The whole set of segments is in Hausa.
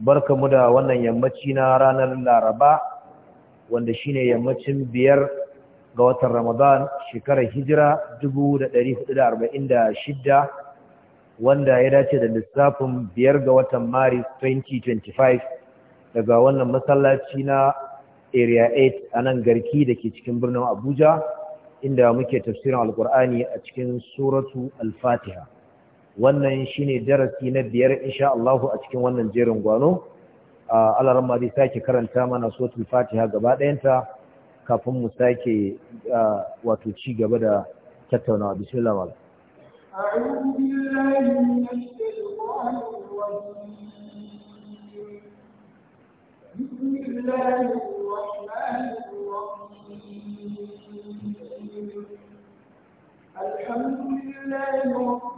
Barka mu da wannan yammaci na ranar laraba wanda shine yammacin biyar ga watan ramadan shekarar hijira 1446 wanda ya dace da lissafin biyar ga watan maris 2025 daga wannan masallaci na area 8 a nan garki da ke cikin birnin abuja inda muke tafsirin alkur'ani a cikin suratu AlFatiha. fatiha wannan shine darasi na biyar insha Allah a cikin wannan jerin gwano Allah ramma zai sake karanta mana suratul Fatiha gaba ta kafin mu sake wato ci gaba da tattaunawa bismillah mala أعوذ بالله من الشيطان الرجيم بسم الله الرحمن الرحيم الحمد لله رب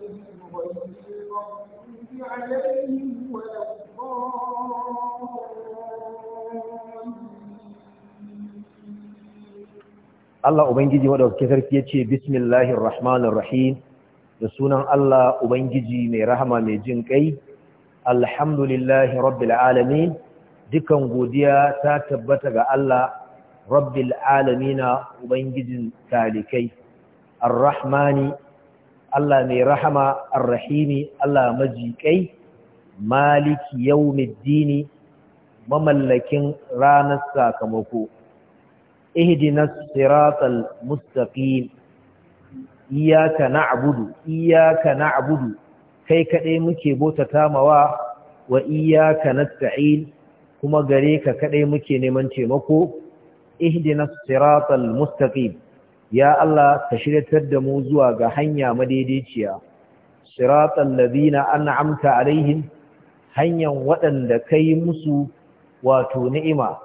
Allah Ubangiji maɗaukakin sarki ya ce, Bismillahir Rahmanir Rahim, da sunan Allah Ubangiji mai rahama mai jin ƙai, Alhamdulillahi Rabbil Alamin, dukan godiya ta tabbata ga Allah Rabbil Alamina Ubangijin talikai, Ar-Rahmani Allah mai rahama arrahimi Allah majiƙai maliki yau yawmiddini mamallakin ranar sakamako ihdinas siratal mustaqim Iyaka na'budu iyyaka na'budu kai kadai muke bota mawa wa iyyaka nasta'in kuma gare ka kadai muke neman taimako ihdinas siratal mustaqim ya Allah ka shiryatar da mu zuwa ga hanya madaidaiciya siratal ladina an'amta alaihim hanyan waɗanda kai musu wato ni'ima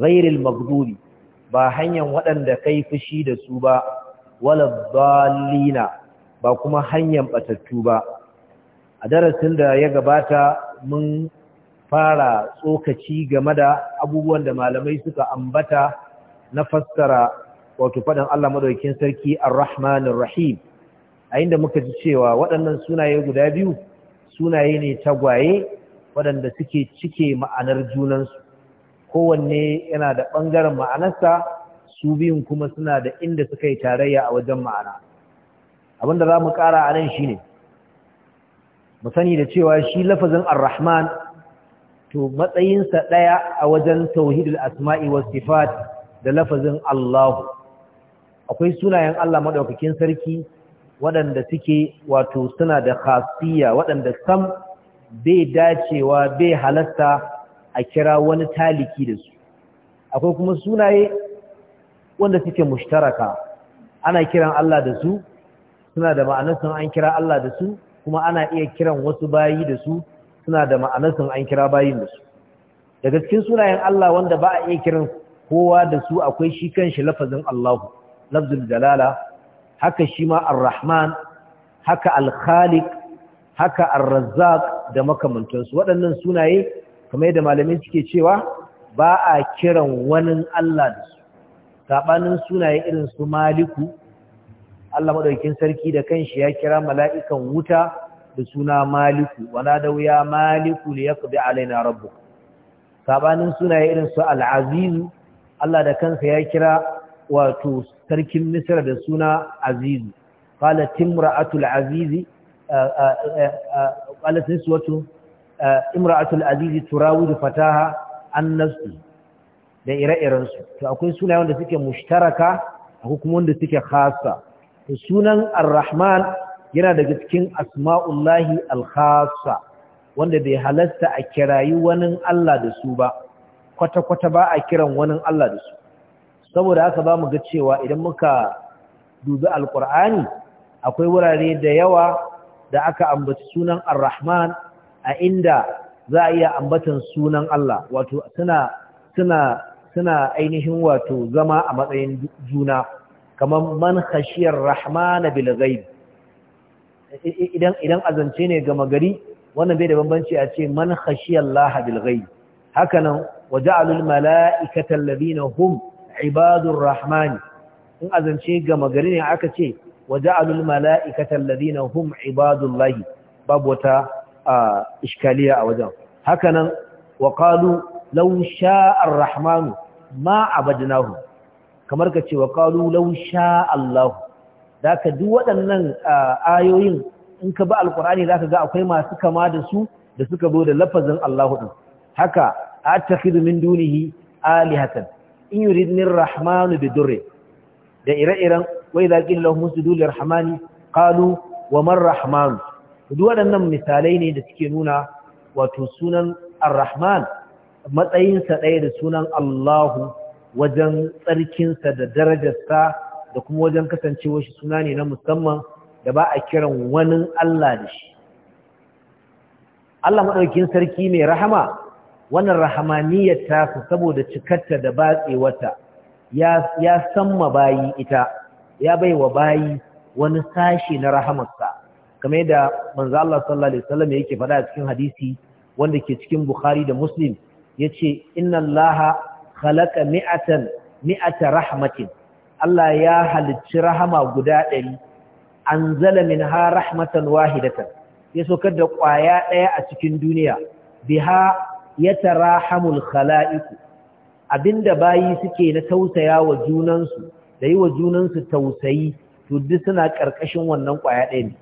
ghairil maghdubi ba hanyan waɗanda kai fushi da su ba wala dallina ba kuma hanyan batattu ba a darasin da ya gabata mun fara tsokaci game da abubuwan da malamai suka ambata na fassara wato faɗin Allah madaukakin sarki ar-rahmanir rahim a inda muka ji cewa waɗannan sunaye guda biyu sunaye ne tagwaye waɗanda suke cike ma'anar junansu kowanne yana da ɓangaren ma'anarsa su biyun kuma suna da inda suka yi tarayya a wajen ma'ana abinda za mu ƙara a nan shi ne mu sani da cewa shi lafazin ar-rahman to matsayinsa ɗaya a wajen tauhidul asma'i was sifat da lafazin allahu akwai sunayen Allah madaukakin sarki waɗanda suke wato suna da khasiyya waɗanda sam bai dacewa bai halasta a kira wani taliki da su akwai kuma sunaye wanda suke mushtaraka ana kiran Allah da su suna da sun an kira Allah da su kuma ana iya kiran wasu bayi da su suna da sun an kira bayin da su daga cikin sunayen Allah wanda ba a iya kiran kowa da su akwai shi kanshi lafazin Allahu lafzul jalala haka shi ma ar-rahman haka al haka ar-razzaq da makamantansu waɗannan sunaye kamar yadda malamin suke cewa ba a kiran wani Allah da su sabanin sunaye irin su maliku Allah madaukakin sarki da kanshi ya kira mala'ikan wuta da suna maliku wala da wuya maliku ya yaqdi alaina rabbuk sabanin sunaye irin su al Allah da kansa ya kira wato sarkin misra da suna azizu qala timra'atul azizi qalat niswatu imra'atul azizi turawidu fataha an nafsi da ire irensu su to akwai sunaye wanda suke mushtaraka akwai kuma wanda suke khassa to sunan ar-rahman yana daga cikin asma'ullahi al-khassa wanda bai halasta a kirayi wani Allah da su ba kwata-kwata ba a kiran wani Allah da su saboda haka ba mu ga cewa idan muka dubi alkur'ani akwai wurare da yawa da aka ambaci sunan ar-rahman a inda za a iya ambatan sunan Allah wato suna suna suna ainihin wato zama a matsayin juna kamar man khashiyar rahmana bil ghaib idan idan azance ne ga magari wannan bai da bambanci a ce man khashiyar laha bil ghaib hakanan waja'alul mala'ikata alladhina hum Ibadun rahmani in azance gama gari ne aka ce waja'alul mala'ikata alladhina hum ibadullahi babu wata iskaliya a wajen Haka wa qalu law sha'a arrahmanu ma abadnahu kamar ka ce wa qalu law sha'a allah zaka duk waɗannan ayoyin in ka ba alqur'ani zaka ga akwai masu kama da su da suka zo da lafazin Allahu din haka atakhidhu min dunihi alihatan in yuridnir rahmanu bidurri da ire-iren wai za ƙin lahun sudu lirhamani wa man rahmanu duk waɗannan misalai ne da suke nuna wato sunan ar-rahman matsayinsa ɗaya da sunan allahu wajen tsarkinsa da darajarsa da kuma wajen kasancewa shi suna ne na musamman da ba a kiran wani allah da shi allah maɗaukin sarki mai rahama wannan rahamaniyar tasu saboda cikarta da batsewata ya samma bayi ita ya bai wa bayi wani sashi na rahamarsa kamar yadda manzo Allah sallallahu alaihi wasallam yake faɗa a cikin hadisi wanda ke cikin Bukhari da Muslim yace inna Allah khalaqa mi'atan mi'ata rahmatin Allah ya halicci rahama guda 100 anzala minha rahmatan wahidatan ya saukar da kwaya daya a cikin duniya biha yatarahamul khala'iku abinda bayi suke na tausaya wa junansu da yi wa junansu tausayi to duk suna karkashin wannan kwaya ɗaya ne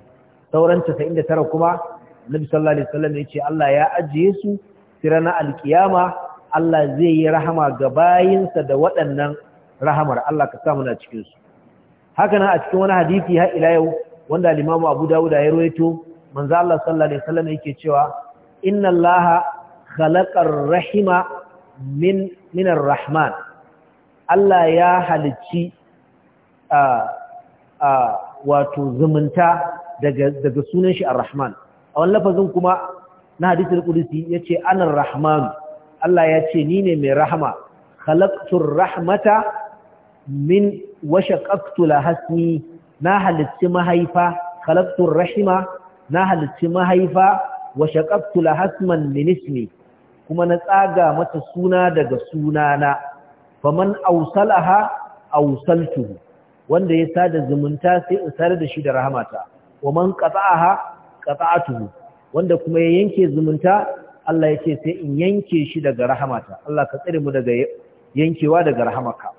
sauran tara kuma Nabi sallallahu alaihi wasallam yace Allah ya ajiye su sirana alkiyama Allah zai yi rahama ga bayinsa da waɗannan rahamar Allah ka sa muna cikin su haka nan a cikin wani hadisi har ila yau wanda al-Imam Abu Dawud ya rawaito manzo Allah sallallahu alaihi wasallam yake cewa inna Laha. khalaqar rahima min minar rahman Allah ya halicci a a wato zumunta daga daga sunan shi ar-rahman a wannan lafazin kuma na hadisul qudsi yace anar rahman Allah ya ce ni ne mai rahma. khalaqtur rahmata min washaqaqtu lahasmi na halicci mahaifa khalaqtur rahima na halicci mahaifa washaqaqtu lahasman min ismi kuma na tsaga mata suna daga sunana faman ausalaha ausaltuhu wanda ya sada zumunta sai in sare da shi da rahamata waman qata'aha qata'atuhu wanda kuma ya yanke zumunta Allah ya sai in yanke shi daga rahamata Allah ka tsare mu daga yankewa daga rahamaka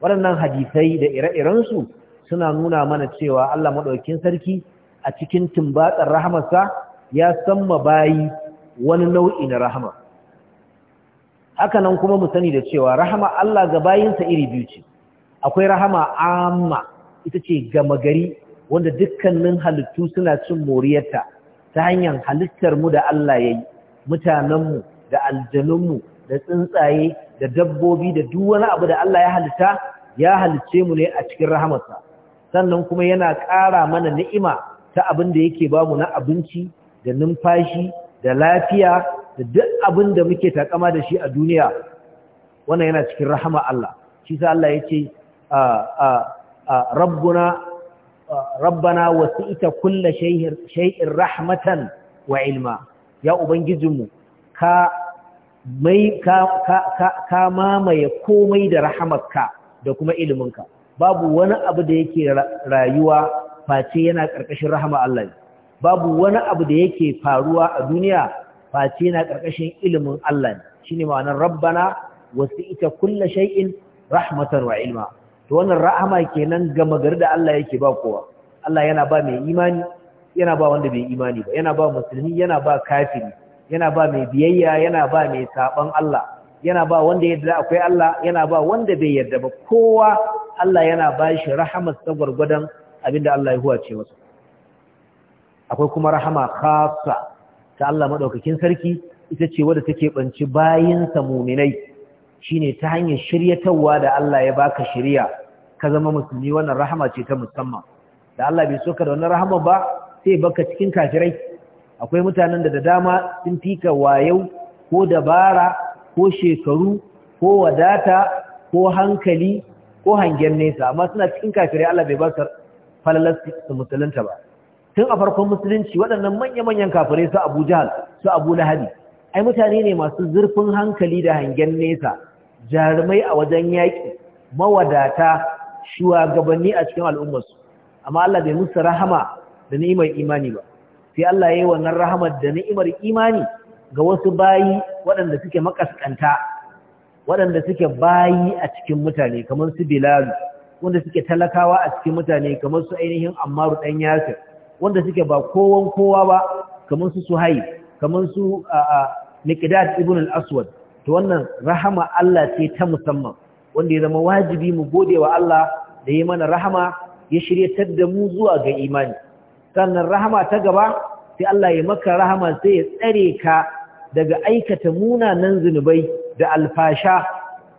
waɗannan hadisai da ire iren su suna nuna mana cewa Allah madaukakin sarki a cikin tumbatsar rahamarsa ya san bayi wani nau'i na rahama Hakanan nan kuma mu sani da cewa rahama Allah ga bayinsa iri biyu ce akwai rahama amma ita ce gama gari wanda dukkanin halittu suna cin moriyarta ta hanyar halittar mu da Allah ya yi mutanenmu da aljanunmu da tsuntsaye da dabbobi da duk wani abu da Allah ya halitta ya halicce mu ne a cikin rahamarsa sannan kuma yana ƙara mana ni'ima ta abin da yake bamu na abinci da numfashi da lafiya da duk abin da muke takama da shi a duniya wannan yana cikin rahama Allah shi sa Allah yace rabbuna rabbana wasi'ta kulla shai'in rahmatan wa ilma ya ubangijinmu ka mai ka ka ka mamaye komai da rahamarka da kuma iliminka babu wani abu da yake rayuwa face yana ƙarƙashin rahama Allah babu wani abu da yake faruwa a duniya Fati na ƙarƙashin ilimin Allah ne shine ma'anar rabbana ita kullu shay'in rahmatan wa ilma to wannan rahama kenan ga magar da Allah yake ba kowa Allah yana ba mai imani yana ba wanda bai imani ba yana ba musulmi yana ba kafiri yana ba mai biyayya yana ba mai saban Allah yana ba wanda yarda akwai Allah yana ba wanda bai yarda ba kowa Allah yana ba shi rahamar ta gwargwadon abinda Allah ya huwace masa akwai kuma rahama khassa ta Allah madaukakin sarki ita ce wadda take banci bayinsa muminai shine ta hanyar shiryatawa da Allah ya baka shiriya ka zama musulmi wannan rahama ce ta musamman da Allah bai so ka da wannan rahama ba sai baka cikin kafirai akwai mutanen da da dama sun fika wayau ko dabara ko shekaru ko wadata ko hankali ko hangen nesa amma suna cikin kafirai Allah bai ba su falalar su musulunta ba tun a farkon musulunci waɗannan manya-manyan kafirai su abu jahal su abu ai mutane ne masu zurfin hankali da hangen nesa jarumai a wajen yaƙi mawadata shugabanni a cikin al'ummarsu amma Allah bai musu rahama da ni'imar imani ba sai Allah ya yi wannan rahamar da ni'imar imani ga wasu bayi waɗanda suke makaskanta waɗanda suke bayi a cikin mutane kamar su bilal wanda suke talakawa a cikin mutane kamar su ainihin ammaru ɗan yasir wanda suke ba kowan kowa ba kamar su suhai kamar su miqdad ibn al-aswad to wannan rahama Allah ce ta musamman wanda ya zama wajibi mu gode wa Allah da ya mana rahama ya shiryatar da mu zuwa ga imani sannan rahama ta gaba sai Allah ya maka rahama sai ya tsare ka daga aikata munanan zunubai da alfasha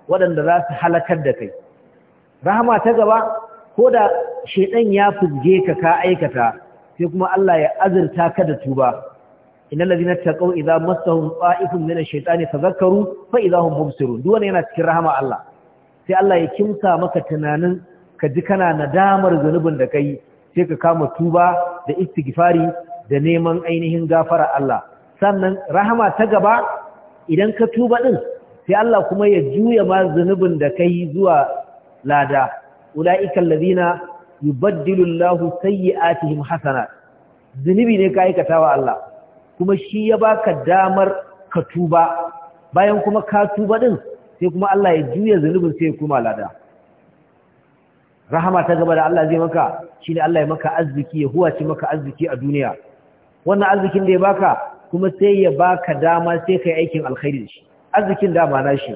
waɗanda za su halakar da kai rahama ta gaba ko da shedan ya fuzge ka ka aikata sai kuma Allah ya azurta ka da tuba innal ladina taqaw idza massahum ta'ifun min ash-shaytani tadhakkaru fa idza mubsirun duk yana cikin rahama Allah sai Allah ya kimsa maka tunanin ka ji kana nadamar zanubin da kai sai ka kama tuba da istighfari da neman ainihin gafara Allah sannan rahama ta gaba idan ka tuba din sai Allah kuma ya juya ma zanubin da kai zuwa lada ulaika alladhina yubaddilu ya sayyi'atihim hasanat zunubi ne ka aikata wa Allah kuma shi ya baka damar ka tuba bayan kuma ka tuba din sai kuma Allah ya juya zunubin sai ya kuma lada rahama ta gaba da Allah zai maka shine Allah ya maka arziki ya huwace maka arziki a duniya wannan arzikin da ya baka kuma sai ya baka dama sai kai aikin alkhairi da shi arzikin dama shi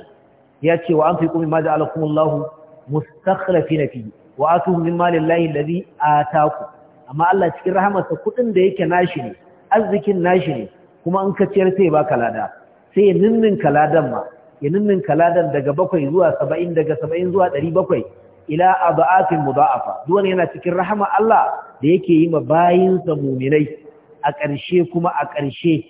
ya ce wa anfiqu mimma ja'alakum Allahu mustakhlifina fihi wa atuhu min malin lahi ladhi ataku amma Allah cikin rahamarsa kudin da yake nashi ne arzikin nashi ne kuma in ka ciyar sai baka lada sai ya ninnin kaladan ma ya ninnin kaladan daga bakwai zuwa saba'in daga saba'in zuwa ɗari bakwai ila aba'atin mudha'afa duwan yana cikin rahama Allah da yake yi ma bayinsa muminai a ƙarshe kuma a ƙarshe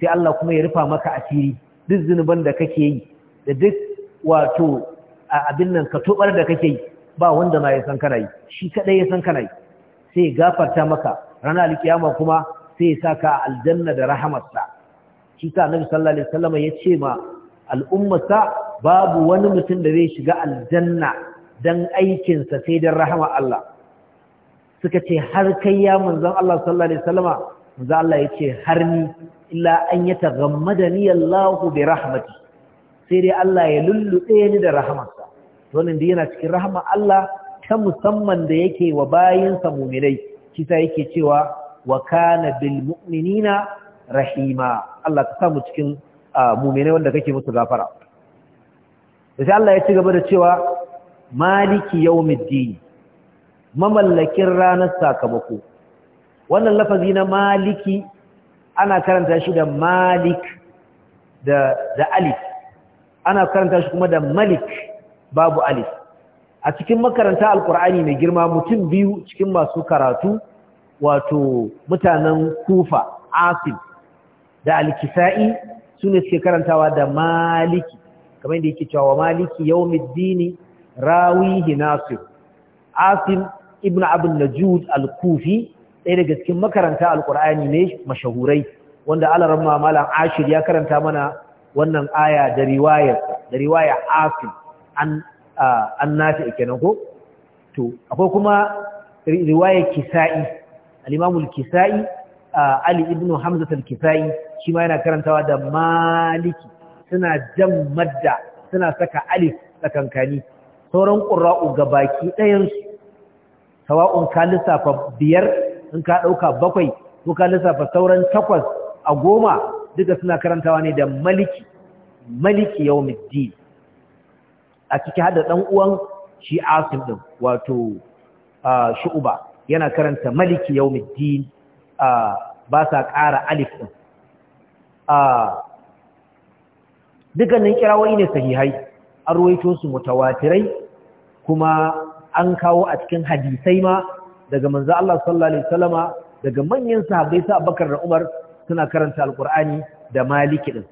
sai Allah kuma ya rufa maka asiri duk zunuban da kake yi da duk wato abin nan ka tobar da kake yi ba wanda ma ya san kana yi shi kadai ya san kana yi sai gafarta maka ranar alkiyama kuma sai ya saka a aljanna da rahamarsa shi ta annabi sallallahu alaihi wasallam ya ce ma al'ummarsa babu wani mutum da zai shiga aljanna dan aikinsa sai dan rahama Allah suka ce har kai ya manzon Allah sallallahu alaihi wasallama manzon Allah ya ce har ni illa an yataghammadani Allahu bi rahmati sai dai Allah ya lulluɗe ni da rahamarsa wannan da yana cikin rahama Allah ta musamman da yake wa bayinsa muminai kisa yake cewa wa kana bil mu'minina rahima Allah ka samu cikin muminai wanda kake musu gafara da sai Allah ya ci gaba da cewa maliki yawmiddin mamallakin ranar sakamako wannan lafazi na maliki ana karanta shi da malik da da alif ana karanta shi kuma da malik babu alif a cikin makaranta alkur'ani mai girma mutum biyu cikin masu karatu wato mutanen kufa asim da alkisa'i sune suke karantawa da maliki kamar inda yake cewa maliki yawmiddini rawihi nasir asim ibn abin najud al-kufi ɗaya daga cikin makaranta alkur'ani ne mashahurai wanda alaran Malam ashir ya karanta mana wannan aya da riwayar da riwaya asim an nafi kenan ko to akwai kuma riwaya kisa'i al kisai ali ibn hamza al-kisa'i shi ma yana karantawa da maliki suna jan madda suna saka alif tsakankani sauran qurra'u gabaki baki su sawa'un ka lissafa biyar in ka ɗauka bakwai ko ka lissafa sauran takwas a goma duka suna karantawa ne da maliki maliki yawmiddin a ciki da dan uwan shi asim din wato shu'ba yana karanta maliki yawmiddin ba sa ƙara alif din dukkanin kirawai ne sahihai an ruwaito su mutawatirai kuma an kawo a cikin hadisai ma daga manzo Allah sallallahu alaihi daga manyan sahabbai sa Abubakar da Umar suna karanta alqur'ani da Maliki din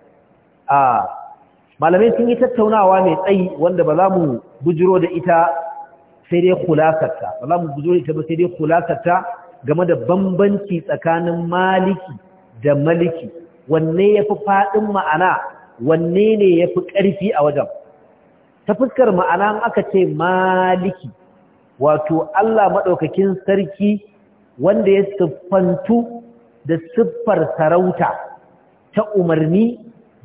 malamai sun yi tattaunawa mai tsayi wanda ba za mu bujiro da ita sai dai kulasarta ba za mu bujiro da ita ba sai dai kulasarta game da bambanci tsakanin maliki da maliki wanne ya fi faɗin ma'ana wanne ne ya fi ƙarfi a wajen ta fuskar ma'ana aka ce maliki wato Allah maɗaukakin sarki wanda ya siffantu da siffar sarauta ta umarni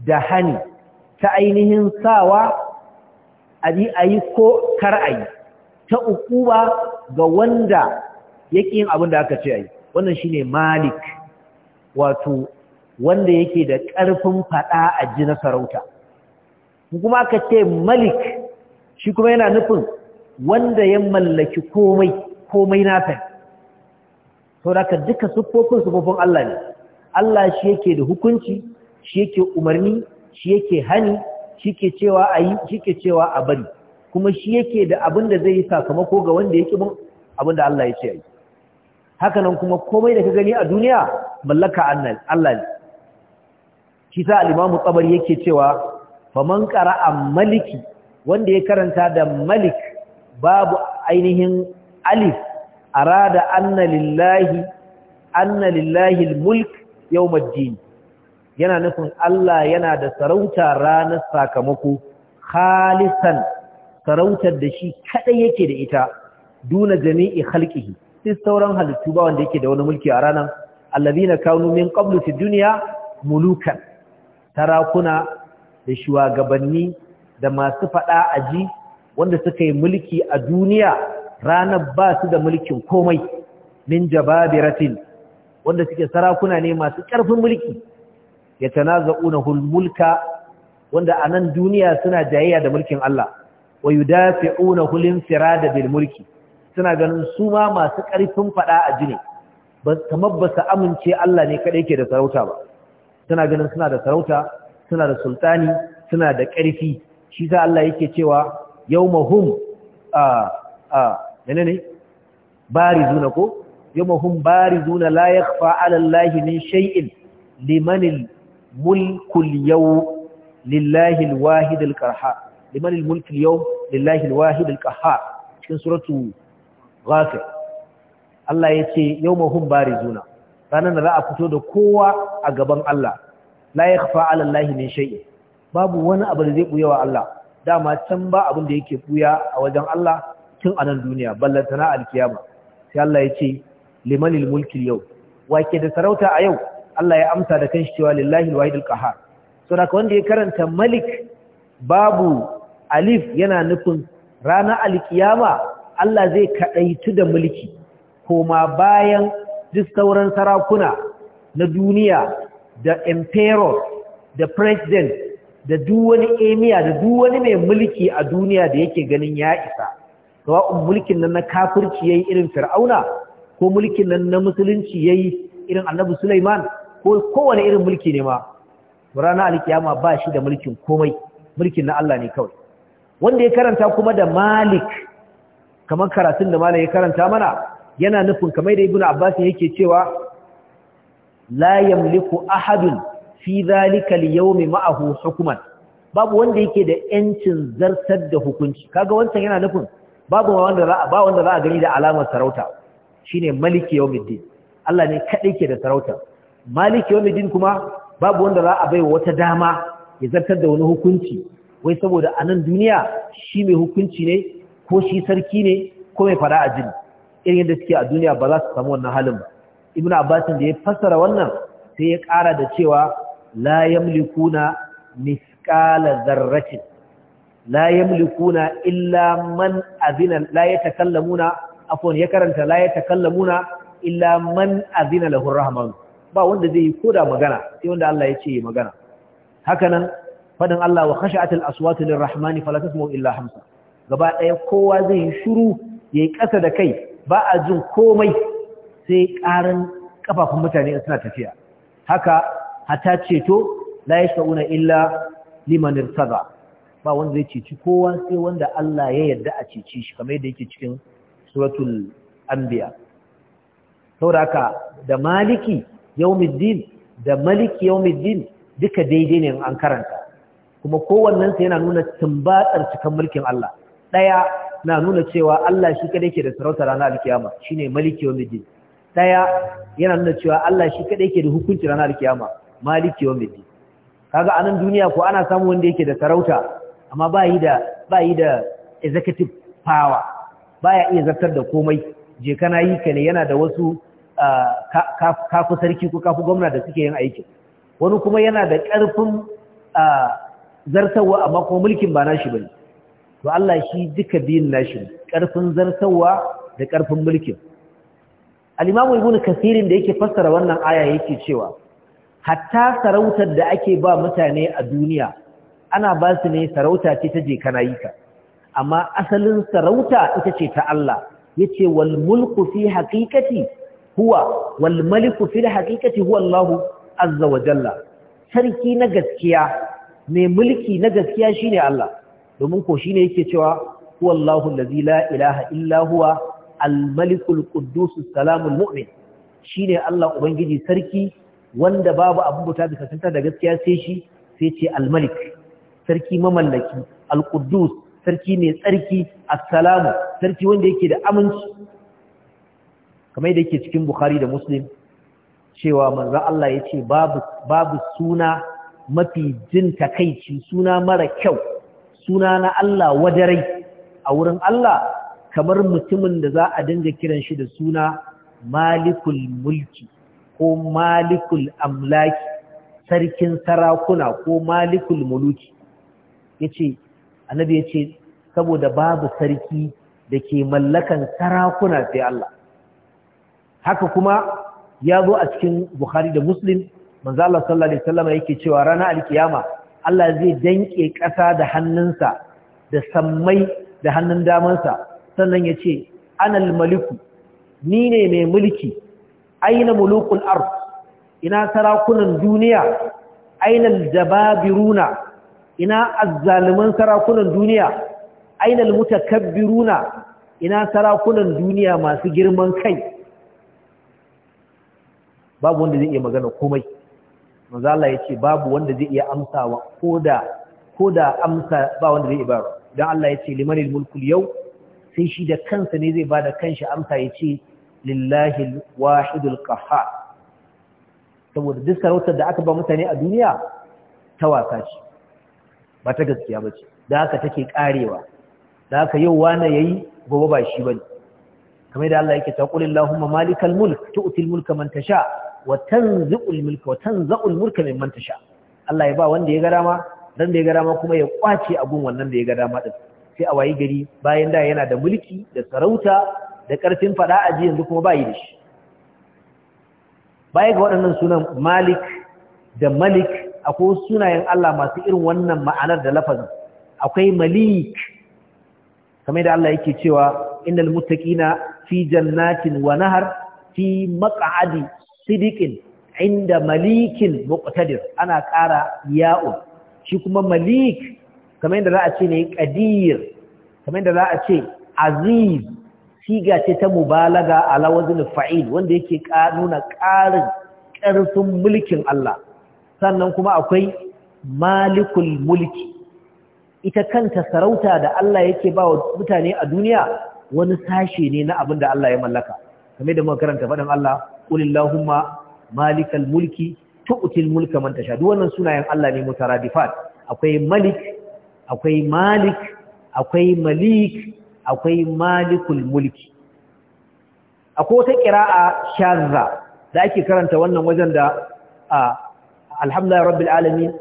da hani ta ainihin sawa a a ayi ko kar a yi ta ba ga wanda yake yin abin da aka ce ayi wannan shine malik wato wanda yake da ƙarfin faɗa a ji na sarauta kuma aka ce malik shi kuma yana nufin wanda ya mallaki komai komai da ka duka siffofin siffofin Allah ne Allah shi yake da hukunci shi yake umarni shi yake hani shi ke cewa a yi shi ke cewa a bari kuma shi yake da abin da zai yi sakamako ga wanda yake bin abin da Allah ya ce yi haka nan kuma komai da ka gani a duniya mallaka Allah ne shi sa al yake cewa faman a maliki wanda ya karanta da malik babu ainihin alif arada anna lillahi anna lillahi al-mulk yawm ad-din yana nufin Allah yana da sarauta ranar sakamako khalisan sarautar da shi kadai yake da ita duna jami'i khalqihi duk sauran halittu ba wanda yake da wani mulki a ranar allazina kanu min qablu fi dunya mulukan tarakuna da shugabanni da masu fada aji wanda suka yi mulki a duniya ranar ba su da mulkin komai min jababiratin wanda suke sarakuna ne masu ƙarfin mulki tanaza unahul mulka wanda a nan duniya suna jayayya da mulkin Allah wa yudafi'unahu unahul infirada bil mulki suna ganin su ma masu ƙarfin fada a jini kamar ba su amince Allah ne kaɗai ke da sarauta ba suna ganin suna da sarauta suna da sultani suna da ƙarfi shi sa Allah yake cewa mahum... a a menene zuna ko bari zuna la yakhfa 'ala min shay'in liman mulkul yau lillahi alwahid alqahhar liman almulk alyawm lillahi alwahid alqahhar cikin suratu ghafir Allah yace yawmahum barizuna ranan da za a fito da kowa a gaban Allah la yakhfa ala allahi min shay'in babu wani abu da zai buya wa Allah dama can ba abin da yake buya a wajen Allah tun a nan duniya ballantana alkiyama sai Allah yace liman yau. Wa wake da sarauta a yau Allah ya amsa da kanshi cewa lillahi alwahidul qahar so da wanda ya karanta malik babu alif yana nufin ranar alkiyama Allah zai kadaitu da mulki koma bayan duk sauran sarakuna na duniya da emperor da president da duk wani emir da duk wani mai mulki a duniya da yake ganin ya isa sawa'un mulkin nan na kafirci yayi irin fir'auna ko mulkin nan na musulunci yayi irin annabi Sulaiman ko kowane irin mulki ne ma rana alkiyama ba shi da mulkin komai mulkin na Allah ne kawai wanda ya karanta kuma da malik kamar karatun da malam ya karanta mana yana nufin kamar da ibnu abbas yake cewa la yamliku ahadun fi zalika al-yawm ma'ahu hukman babu wanda yake da yancin zartar da hukunci kaga wancan yana nufin babu wanda za ba wanda za a gani da alamar sarauta shine maliki yawmiddin Allah ne kadai ke da sarauta maliki yawon din kuma babu wanda za a bai wata dama ya zartar da wani hukunci wai saboda a nan duniya shi mai hukunci ne ko shi sarki ne ko mai fara a jini irin yadda suke a duniya ba za su samu wannan halin ba ibn abbasin da ya fassara wannan sai ya ƙara da cewa la yamlikuna misqala dharratin la yamlikuna illa man azina la yatakallamuna afwan ya karanta la yatakallamuna illa man azina lahu arrahman ba wanda zai yi koda magana sai wanda Allah ya ce yi magana haka nan fadin Allah wa khashatil aswatu lirrahmani fala tasma'u illa hamsa gaba ɗaya kowa zai yi shiru yayi ƙasa da kai ba a jin komai sai ƙaran kafafun mutane suna tafiya haka hata ceto la yashuna illa liman irtada ba wanda zai cici kowa sai wanda Allah ya yarda a cici shi kamar yadda yake cikin suratul anbiya saboda haka da maliki yawmiddin da maliki yawmiddin duka daidai ne an karanta kuma kowannen sa yana nuna tumbatar cikin mulkin Allah daya na nuna cewa Allah shi kadai ke da sarauta ranar alkiyama shine maliki yawmiddin daya yana nuna cewa Allah shi kadai ke da hukunci ranar alkiyama maliki yawmiddin kaga anan duniya ko ana samu wanda yake da sarauta amma ba yi da ba yi da executive power baya iya zartar da komai je kana yi ka ne yana da wasu kafi sarki ko kafi gwamna da suke yin aiki wani kuma yana da ƙarfin zartawa amma kuma mulkin ba nashi bane to Allah shi duka biyin nashi ƙarfin zartawa da ƙarfin mulkin al imamu ibnu kasirin da yake fassara wannan aya yake cewa hatta sarautar da ake ba mutane a duniya ana ba su ne sarauta ce ta je kana yi ka amma asalin sarauta ita ce ta Allah yace wal mulku fi haqiqati huwa walmaliku maliku fil haqiqati huwa Allah azza sarki na gaskiya mai mulki na gaskiya shine Allah domin ko shine yake cewa huwa Allahu allazi la ilaha illa huwa al malikul shine Allah ubangiji sarki wanda babu abu buta bisa tanta da gaskiya sai shi sai ce al sarki mamallaki al sarki mai tsarki assalamu sarki wanda yake da aminci kamar da yake cikin bukhari da muslim cewa manzo Allah ya ce babu suna mafi jin takaici suna mara kyau suna na Allah wadarai a wurin Allah kamar mutumin da za a dinga kiran shi da suna malikul mulki ko malikul amlaki sarkin sarakuna ko malikul muluki yace annabi yace saboda babu sarki da ke mallakan sarakuna sai Allah haka kuma ya zo a cikin bukhari da muslim manzo Allah sallallahu alaihi wasallam yake cewa ranar alkiyama Allah zai danke ƙasa da hannunsa da sammai da hannun damansa sannan ya ce anal maliku ni ne mai mulki aina mulukul ard ina sarakunan duniya aina aljababiruna ina azzaliman sarakunan duniya aina almutakabbiruna ina sarakunan duniya masu girman kai babu wanda zai iya magana komai manzo Allah ya ce babu wanda zai iya amsawa koda koda amsa ba wanda zai iya ba dan Allah ya ce limanil yau sai shi da kansa ne zai bada kanshi amsa ya ce lillahi wahidul qahhar saboda duk sarautar da aka ba mutane a duniya ta wasa ce ba ta gaskiya ba ce da haka take karewa da haka yau wane yayi gobe ba shi bane kamar da Allah yake ta qulillahumma malikal mulk tu'til mulka man tasha' wa tanzu'ul mulka wa tanza'ul mulka mimman tasha Allah ya ba wanda ya ga dama dan da ya ga dama kuma ya kwace abun wannan da ya ga dama din sai a wayi gari bayan da yana da mulki da sarauta da karfin fada aji yanzu kuma yi da shi baya ga waɗannan sunan malik da malik akwai sunayen Allah masu irin wannan ma'anar da lafazin akwai malik kamar da Allah yake cewa innal muttaqina fi jannatin wa nahar fi maq'adi Sidikin inda malikin muqtadir ana ƙara ya'u shi kuma malik kamar yadda za a ce ne qadir kamar yadda za a ce aziz siga ce ta mubalaga ala wazn fa'il wanda yake nuna ƙarin ƙarfin mulkin Allah sannan kuma akwai malikul mulki ita kanta sarauta da Allah yake ba wa mutane a duniya wani sashe ne na abin da Allah ya mallaka kame da muka karanta faɗin Allah qulillahumma malikal mulki tu'til mulka man tasha duk wannan sunayen Allah ne mutaradifat akwai malik akwai malik akwai malik akwai malikul mulki akwai wata qira'a shazza da ake karanta wannan wajen da alhamdulillahi rabbil alamin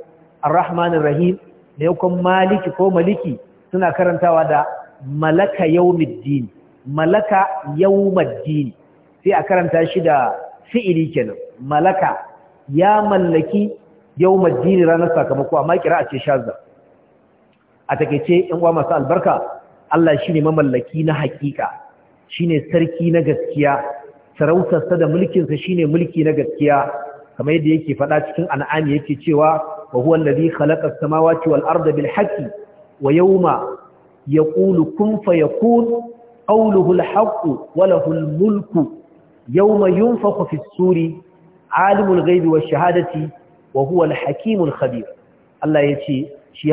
arrahmanir rahim ne maliki ko maliki suna karantawa da malaka yawmiddin malaka yawmiddin sai a karanta shi da fi'ili kenan malaka ya mallaki yawmaddin ranar sakamako amma kira ce shazza a takaice ɗan uwa masu albarka Allah shine mamallaki na hakika shine sarki na gaskiya sarautarsa da mulkinsa shine mulki na gaskiya kamar yadda yake faɗa cikin an'ami yake cewa wa huwa allazi khalaqa as-samawati wal arda bil haqqi wa yawma yaqulu kun fayakun qawluhu al haqqu wa lahu al mulku yawma yunfakhu fi suri alimul ghaibi wash shahadati wa huwa al-hakimul khabir Allah yace shi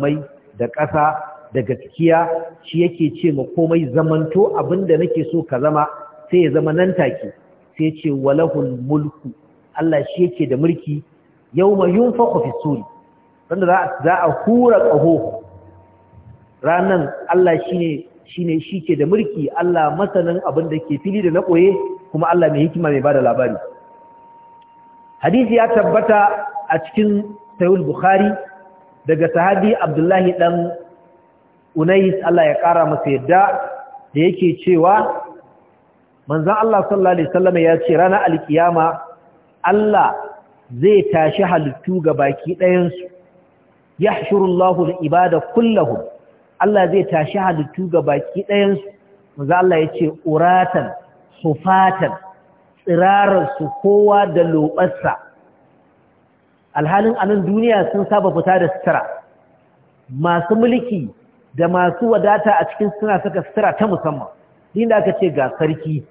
mai da ƙasa da gaskiya shi yake ce ma komai zamanto abinda nake so ka zama sai ya zama nan take sai ce walahul mulku Allah shi yake da mulki yawma yunfakhu fi suri wanda za a hura ƙaho ranan Allah shine shine shike da mulki Allah masanin abin da ke fili da na ɓoye. kuma Allah mai hikima mai bada labari hadisi ya tabbata a cikin sayul bukhari daga sahabi abdullahi dan unais Allah ya kara masa yadda da yake cewa manzon Allah sallallahu alaihi wasallam ya ce ranar alkiyama Allah zai tashi halittu ga baki ɗayan su yahshurullahu al-ibada kullahum Allah zai tashi halittu ga baki ɗayan su manzon Allah ya ce uratan sufatan tsirararsu kowa da lobarsa alhalin anan duniya sun saba fita da sutura masu mulki da masu wadata a cikin suna saka sutura ta musamman da aka ce ga sarki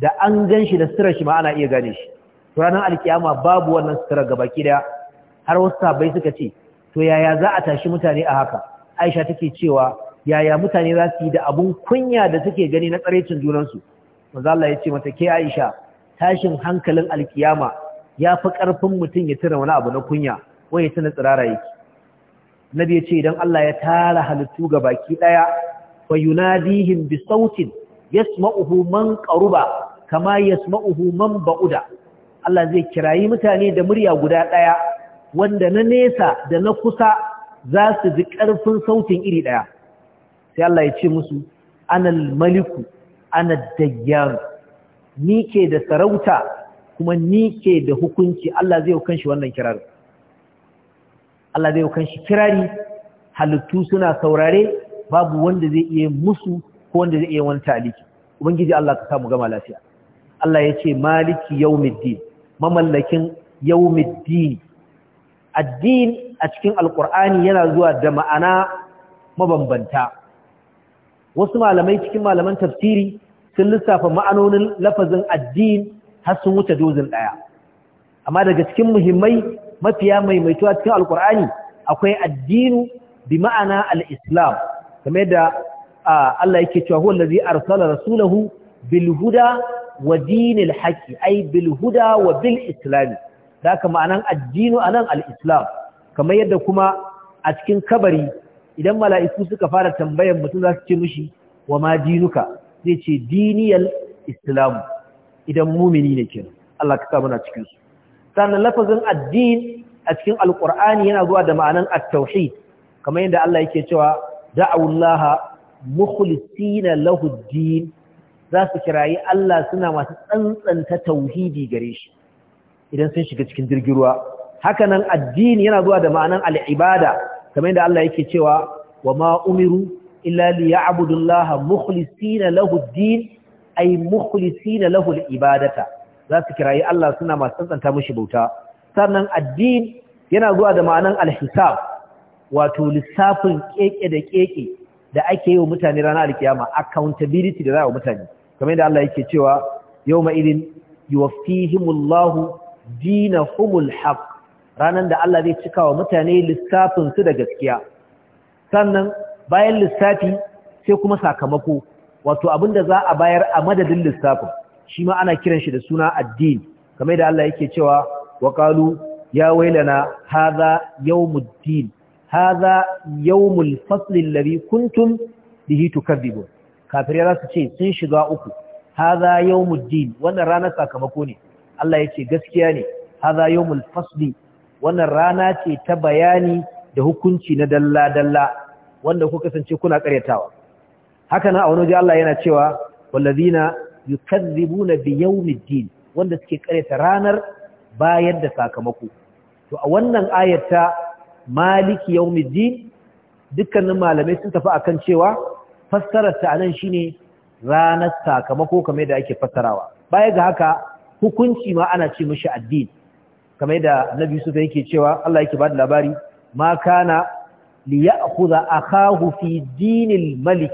da an gan shi da sutura shi ma ana iya gane shi ranar alkiyama babu wannan sutura gaba daya har wasu sabai suka ce to yaya za a tashi mutane a haka aisha take cewa yaya mutane za su yi da abun kunya da suke gani na tsarecin junansu manzo Allah ya ce mata ke Aisha tashin hankalin alkiyama ya fi ƙarfin mutum ya cire wani abu na kunya ko ya tuna tsirara yake nabi ya ce idan Allah ya tara halittu ga baki ɗaya fa yunadihim bi sautin yasma'uhu man qaruba kama yasma'uhu man ba'uda Allah zai kirayi mutane da murya guda ɗaya wanda na nesa da na kusa za su ji ƙarfin sautin iri ɗaya sai Allah ya ce musu anal maliku ana dayyar ni ke da sarauta kuma ni ke da hukunci Allah zai hukun shi wannan kirari Allah zai hukun shi kirari halittu suna saurare babu wanda zai iya musu ko wanda zai iya wani taliki ubangiji Allah ka samu gama lafiya Allah ya ce maliki yawmiddin mamallakin yawmiddin addin a cikin alkur'ani yana zuwa da ma'ana mabambanta wasu malamai cikin malaman tafsiri sun lissafa ma'anonin lafazin addin har sun wuce dozin ɗaya amma daga cikin muhimmai mafiya maimaituwa cikin alkur'ani akwai addinu bi ma'ana Al-Islam. Kamar da Allah yake cewa huwa allazi arsala rasulahu bil huda wa dinil haqqi ay bil huda wa bil islam da haka ma'anan addinu anan al islam kamar yadda kuma a cikin kabari idan mala'iku suka fara tambayan mutum za su ce mushi wa ma dinuka zai ce diniyal islamu idan mumini ne kenan Allah ka sa muna sannan lafazin addini a cikin alƙur'ani yana zuwa da ma'anan at kamar yadda Allah yake cewa da'awullaha mukhlisina lahu ad-din za su kirayi Allah suna masu tsantsanta tauhidi gare shi idan sun shiga cikin jirgin ruwa haka nan addini yana zuwa da ma'anan al'ibada kamar yadda Allah yake cewa wa ma umiru illa li ya'budu Allah mukhlisina lahu ad-din ay mukhlisina lahu al-ibadata za su kirayi Allah suna masu tsantsanta mishi bauta sannan addin yana zuwa da ma'anar al-hisab wato lissafin keke da keke da ake yi wa mutane ranar alkiyama accountability da za a mutane kamar yadda Allah yake cewa yawma idin yuwaffihimullahu dinahumul haqq ranar da Allah zai cika wa mutane lissafinsu da gaskiya sannan bayan lissafi sai kuma sakamako wato abin da za a bayar a madadin lissafin shi ma ana kiran shi da suna addini kamar da Allah yake cewa wa qalu ya wailana hadha yawmuddin hadha yawmul fasl alladhi kuntum bihi tukadzibun kafirai ya su ce sun shiga uku hadha din. wannan ranar sakamako ne Allah yace gaskiya ne hadha yawmul fasl wannan rana ce ta bayani da hukunci na dalla-dalla wanda ku kasance kuna karyatawa haka nan a wani waje Allah yana cewa wallazina yukazzibuna bi yawmiddin wanda suke karyata ranar bayar da sakamako to a wannan ayata maliki yawmiddin dukkanin malamai sun tafi akan cewa fassarar ta anan shine ranar sakamako kamar da ake fassarawa baya ga haka hukunci ma ana ce mishi addini kamar da annabi Yusuf yake cewa Allah yake bada labari ma kana li ya'khudha akahu fi dinil malik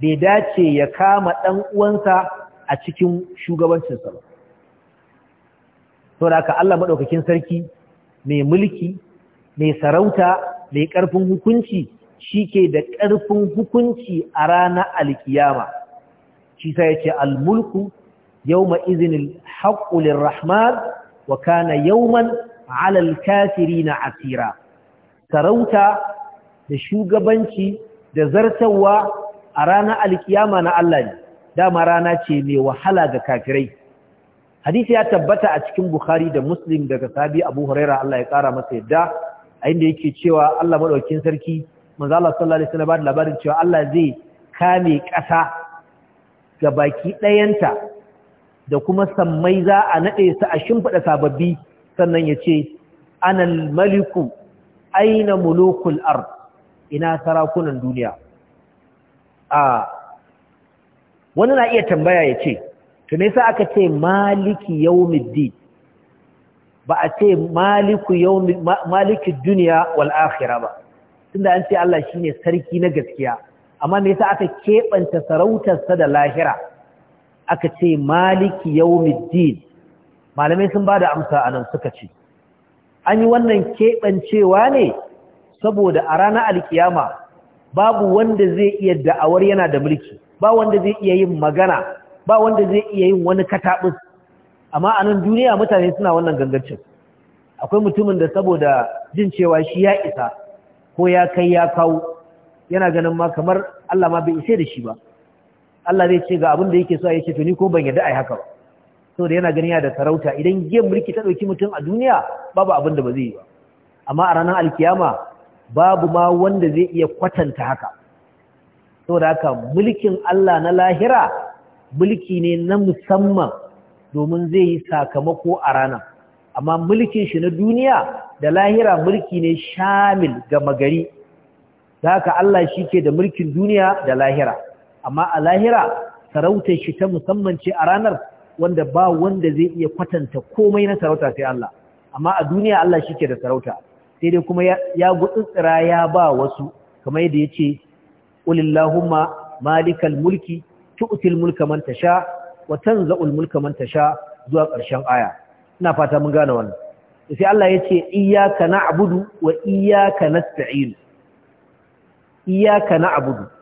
bai dace ya kama dan uwansa a cikin shugabancin sa ba to da Allah madaukakin sarki mai mulki mai sarauta mai karfin hukunci shike da karfin hukunci a ranar alkiyama shi sai ya ce al mulku yawma izinil haqqu lirrahman wa kana yawman kafiri na asira sarauta da shugabanci da zartawa a ranar alkiyama na Allah ne dama rana ce mai wahala ga kafirai hadisi ya tabbata a cikin bukhari da muslim daga sabi abu huraira Allah ya kara masa yadda a inda yake cewa Allah madaukakin sarki manzo Allah sallallahu alaihi wasallam labarin cewa Allah zai kame ƙasa ga baki ɗayanta da kuma sammai za a naɗe su a shimfiɗa sababbi sannan ya ce 'Ana maliku aina mulukul ar ina sarakunan duniya a wani na iya tambaya ya ce tunai sa aka ce maliki yawmiddi ba a ce maliku yawmi maliki duniya wal akhirah ba tunda an ce Allah shine sarki na gaskiya amma me yasa aka keɓanta sarautarsa da lahira aka ce maliki yawmiddin malamai sun bada amsa anan suka ce an yi wannan keɓancewa ne saboda a ranar alkiyama babu wanda zai iya da'awar yana da mulki ba wanda zai iya yin magana ba wanda zai iya yin wani kataɓus amma a nan duniya mutane suna wannan gangancin akwai mutumin da saboda jin cewa shi ya isa ko ya kai ya kawo yana ganin ma kamar Allah ma bai ishe da shi ba Allah zai ce ga abin da yake so ya ce to ni ko ban yarda ai haka ba saboda yana ganin ya da sarauta idan giyan mulki ta dauki mutum a duniya babu abin da ba zai yi ba amma a ranar alkiyama babu ma wanda zai iya kwatanta haka saboda haka mulkin Allah na lahira mulki ne na musamman domin zai yi sakamako a ranar amma mulkin shi na duniya da lahira mulki ne shamil ga magari da haka Allah shi ke da mulkin duniya da lahira amma a lahira sarautar shi ta musamman ce a ranar wanda ba wanda zai iya kwatanta komai na sarauta sai Allah amma a duniya Allah shi ke da sarauta sai dai kuma ya gutsira ya ba wasu kamar yadda yace ce ulillahumma malikal mulki tu'til mulka man tasha wa tanza'ul mulka man tasha zuwa ƙarshen aya ina fata mun gane wannan sai Allah ya ce iyyaka na'budu wa iyyaka nasta'in iyyaka na'budu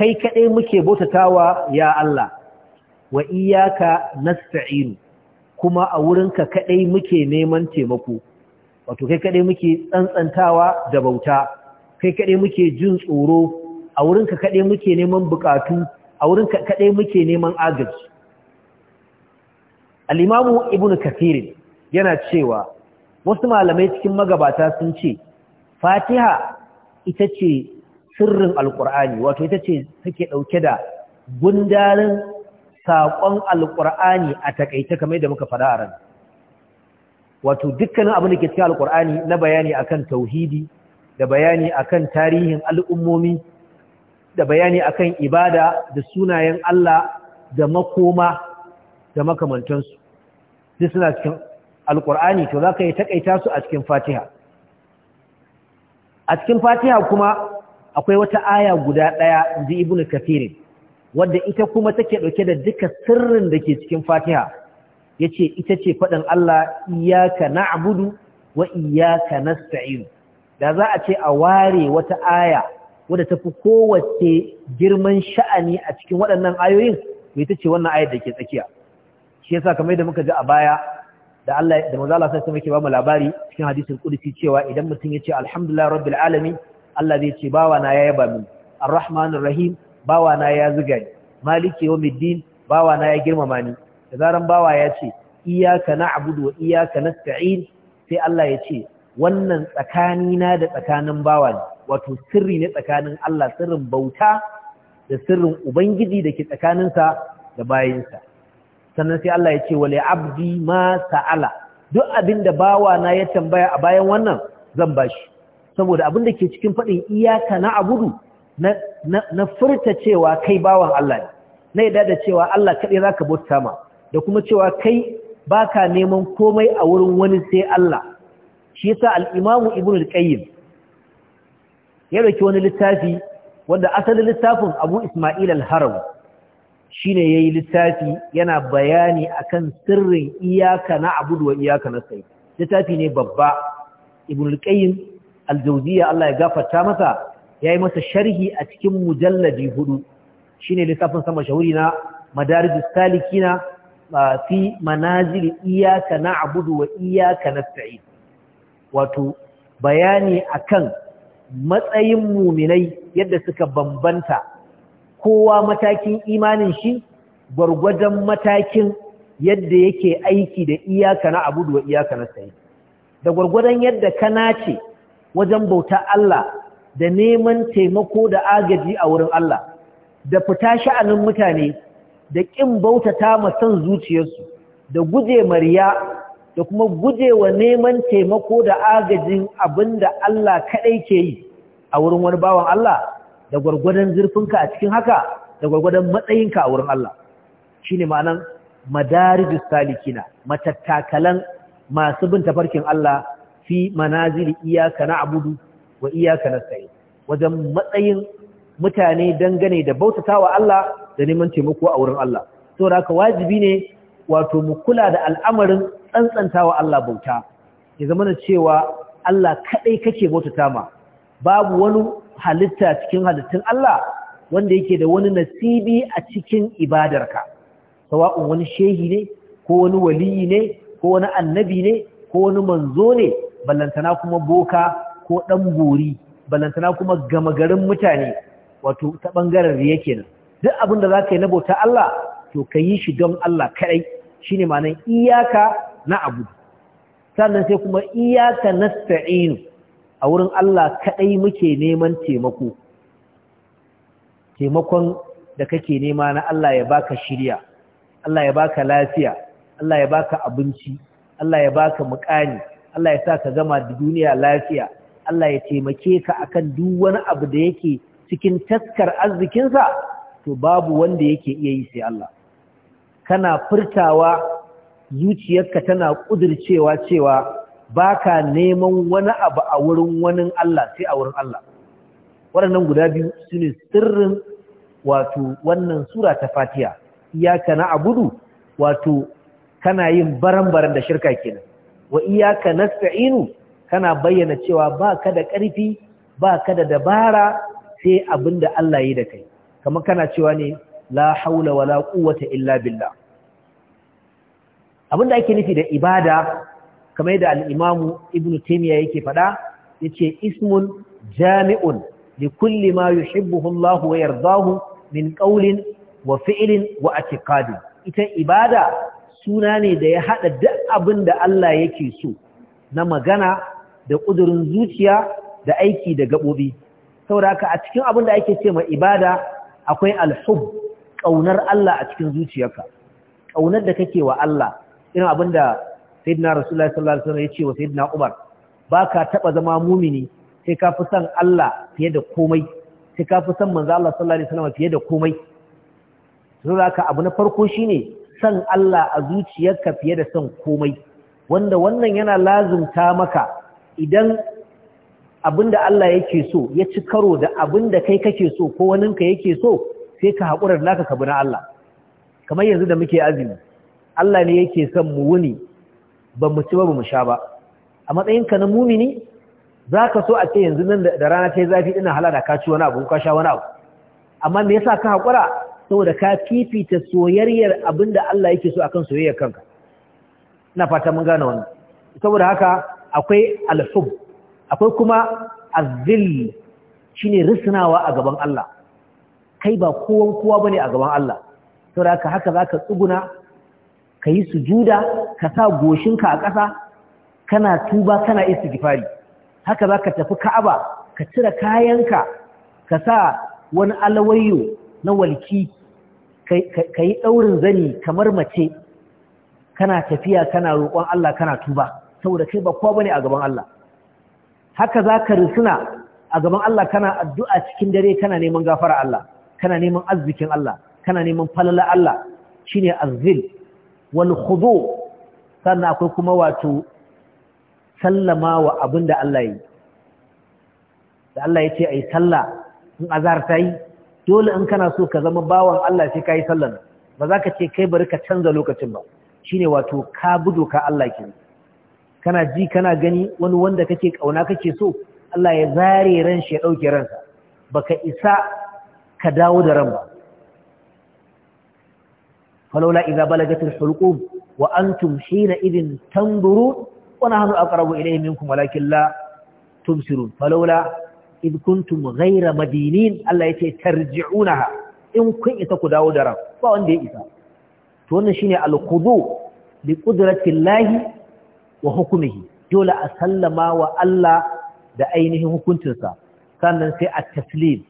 kai kaɗai muke bautatawa ya Allah wa iyaka nasta'inu kuma a wurinka kaɗai muke neman taimako wato kai kaɗai muke tsantsantawa da bauta kai kaɗai muke jin tsoro a wurinka kaɗai muke neman bukatu a wurinka kaɗai muke neman agaji al'imamu ibn kafirin yana cewa wasu malamai cikin magabata sun ce fatiha ita ce sirrin alkur'ani wato ita ce take ɗauke da gundarin saƙon Alƙur'ani a takaita kamar yadda muka faɗa a ran wato dukkanin abin da ke cikin alkur'ani na bayani akan tauhidi da bayani akan tarihin al'ummomi da bayani akan ibada da sunayen Allah da makoma da makamantansu duk suna cikin alkur'ani to za ka yi takaita su a cikin fatiha a cikin fatiha kuma akwai wata aya guda ɗaya ji Ibn kathir wadda ita kuma take ɗauke da duka sirrin da ke cikin fatiha yace ita ce faɗin Allah iyyaka na'budu wa iyyaka nasta'in da za a ce a ware wata aya wadda fi kowace girman sha'ani a cikin waɗannan ayoyin mai ita ce wannan ayar da ke tsakiya shi yasa kamar da muka ji a baya da Allah da manzo Allah sai yake ba mu labari cikin hadisin qudsi cewa idan mutum ya ce alhamdulillah rabbil alamin Allah zai ce bawa na ya yaba min arrahmanir rahim bawa na ya zuga ni maliki yawmiddin bawa na ya girmama ni da zaran bawa ya ce iyyaka na'budu wa iyyaka nasta'in sai Allah ya ce wannan tsakani na da tsakanin bawa ne wato sirri ne tsakanin Allah sirrin bauta da sirrin ubangiji da ke tsakaninsa da bayinsa sannan sai Allah ya ce wa abdi ma sa'ala duk abin da bawa na ya tambaya a bayan wannan zan bashi saboda abin da ke cikin faɗin iyaka na abudu na furta cewa kai bawan Allah ne na yadda da cewa Allah kaɗai za ka bauta ma da kuma cewa kai baka neman komai a wurin wani sai Allah shi yasa al’imamu Ibn al-Qayyim ya dauki wani littafi wanda asalin littafin Abu Isma'il al haram shi ne ya yi littafi yana bayani akan sirrin iyaka na abudu wa iyaka sai. littafi ne babba Ibn al-Qayyim aljauziya Allah ya gafarta masa ya yi masa sharhi a cikin mujalladi hudu shine ne lissafin sama shahuri na madarijus salikina fi manazil iyaka na wa iyaka na wato bayani akan matsayin muminai yadda suka bambanta kowa matakin imanin shi gwargwadon matakin yadda yake aiki da iyaka na wa iyaka na da gwargwadon yadda kana ce wajen bauta Allah da neman taimako da agaji a wurin Allah da fita sha'anin mutane da ƙin bautata ma son zuciyarsu da guje mariya da kuma guje wa neman taimako da agajin abinda Allah kaɗai ke yi a wurin wani bawan Allah da gwargwadon zurfinka a cikin haka da gwargwadon matsayinka a wurin Allah shi ne ma'anan madarijus salikina matattakalan masu bin tafarkin Allah fi manazili iyaka na abudu wa iyaka na nasta'in wajen matsayin mutane dangane da bautatawa Allah da neman taimako a wurin Allah da haka wajibi ne wato mu kula da al'amarin tsantsanta wa Allah bauta ya zama na cewa Allah kaɗai kake bautata ma babu wani halitta cikin halittun Allah wanda yake da wani nasibi a cikin ibadarka sawa'un wani shehi ne ko wani waliyi ne ko wani annabi ne ko wani manzo ne ballantana kuma boka ko ɗan bori ballantana kuma gama garin mutane wato ta ɓangaren yake kenan duk abin da za ka yi na bauta Allah to ka yi shi don Allah kaɗai shi ne ma'anar iyaka na abu sannan sai kuma iyaka na sta'inu a wurin Allah kaɗai muke neman taimako taimakon da kake nema na Allah ya baka shirya Allah ya baka lafiya Allah ya baka abinci Allah ya baka muƙani. Allah ya sa ka gama da duniya lafiya Allah ya taimake ka akan duk wani abu da yake cikin taskar arzikinsa to babu wanda yake iya yi sai Allah kana furtawa zuciyarka tana ƙudurcewa cewa baka neman wani abu a wurin wani Allah sai a wurin Allah waɗannan guda biyu sune sirrin wato wannan sura ta iyaka na gudu wato kana yin baran-baran da shirka kenan wa iyaka nasta'inu kana bayyana cewa ba ka da ƙarfi ba ka da dabara sai abin da Allah yi da kai kamar kana cewa ne la haula wala quwwata illa billah abin da ake nufi da ibada kamar da al-imamu ibnu taymiya yake faɗa yace ismun jami'un li kulli ma yuhibbuhu Allah wa yardahu min qawlin wa fi'lin wa i'tiqadin ita ibada suna ne da ya haɗa duk abin da Allah yake so na magana da ƙudurin zuciya da aiki da gaɓoɓi saboda haka a cikin abin da ake ce ma ibada akwai alhub ƙaunar Allah a cikin zuciyarka ƙaunar da kake wa Allah irin abin da sayyidina Rasulullah sallallahu alaihi wasallam ya ce wa sayyidina Umar ka taɓa zama mumini sai ka fi son Allah fiye da komai sai ka fi son manzo Allah sallallahu alaihi wasallam fiye da komai saboda haka abu na farko shine san Allah a zuciyarka fiye da son komai wanda wannan yana lazumta maka idan abinda Allah yake so ya ci karo da abinda kai kake so ko waninka yake so sai ka haƙura da naka kabi na Allah kamar yanzu da muke azumi Allah ne yake son mu wuni ba mu ci ba mu sha ba a matsayinka na mumini za ka so a ce yanzu nan da rana ta yi zafi ina halada ka ci wani abu ka sha wani abu amma me yasa ka haƙura saboda ka kifi ta soyayyar abinda Allah yake so akan soyayya kanka ina fata mun gane wannan saboda haka akwai alhub akwai kuma azil shine risnawa a gaban Allah kai ba kowan kowa bane a gaban Allah saboda haka haka zaka tsuguna kayi sujuda ka sa goshinka a ƙasa kana tuba kana istighfari haka zaka tafi Ka'aba ka cire kayanka ka sa wani alawayyo na walki ka yi ɗaurin zani kamar mace kana tafiya kana roƙon Allah kana tuba saboda kai ba kowa bane a gaban Allah haka za ka risuna a gaban Allah kana addu'a cikin dare kana neman gafara Allah kana neman arzikin Allah kana neman falala Allah shine azzil wal khudu sannan akwai kuma wato sallama wa abinda Allah yi da Allah ya ce ai sallah in azar ta yi dole in kana so ka zama bawan Allah sai ka yi sallar ba za ka ce kai bari ka canza lokacin ba shine wato ka budo ka Allah ke kana ji kana gani wani wanda kake kauna kake so Allah ya zare ran shi ya ɗauke ransa baka isa ka dawo da ran ba falaula iza balagatil hulqum wa antum hina idin tanzurun wa nahnu aqrabu ilayhi minkum walakin la tubsirun falaula id kuntum ghayra madinin Allah yace tarji'unaha in kun isa ku dawo da ran ba wanda ya isa to wannan shine al-khudu li qudratillahi wa hukmihi dole a sallama wa Allah da ainihin hukuncinsa sannan sai a taslim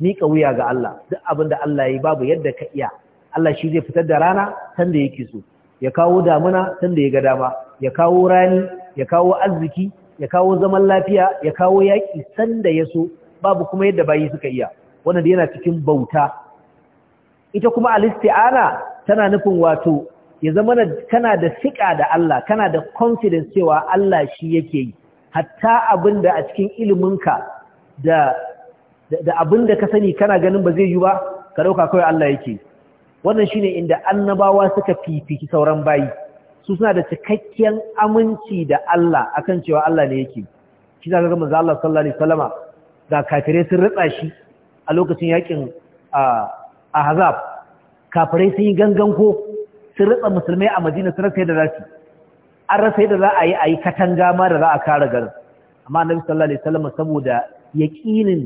miƙa wuya ga Allah duk abin da Allah ya yi babu yadda ka iya Allah shi zai fitar da rana sanda yake so ya kawo damuna sanda ya ga dama ya kawo rani ya kawo arziki ya kawo zaman lafiya ya kawo yaƙi sanda ya so babu kuma yadda bayi suka iya wannan yana cikin bauta ita kuma alisti'ana tana nufin wato ya zama kana da siƙa da Allah kana da confidence cewa Allah shi yake yi hatta abin a cikin iliminka da da abin da ka sani kana ganin ba zai yi ba ka dauka kawai Allah yake wannan shine inda annabawa suka fifiki sauran bayi su suna da cikakken aminci da Allah akan cewa Allah ne yake shi za ka ga manzo Allah sallallahu alaihi wasallama ga kafirai sun ritsa shi a lokacin yakin ahzab kafirai sun yi gangan ko sun ritsa musulmai a Madina sun rasa yadda za su an rasa yadda za a yi a yi katanga ma da za a kare garin amma annabi sallallahu alaihi wasallama saboda yaqinin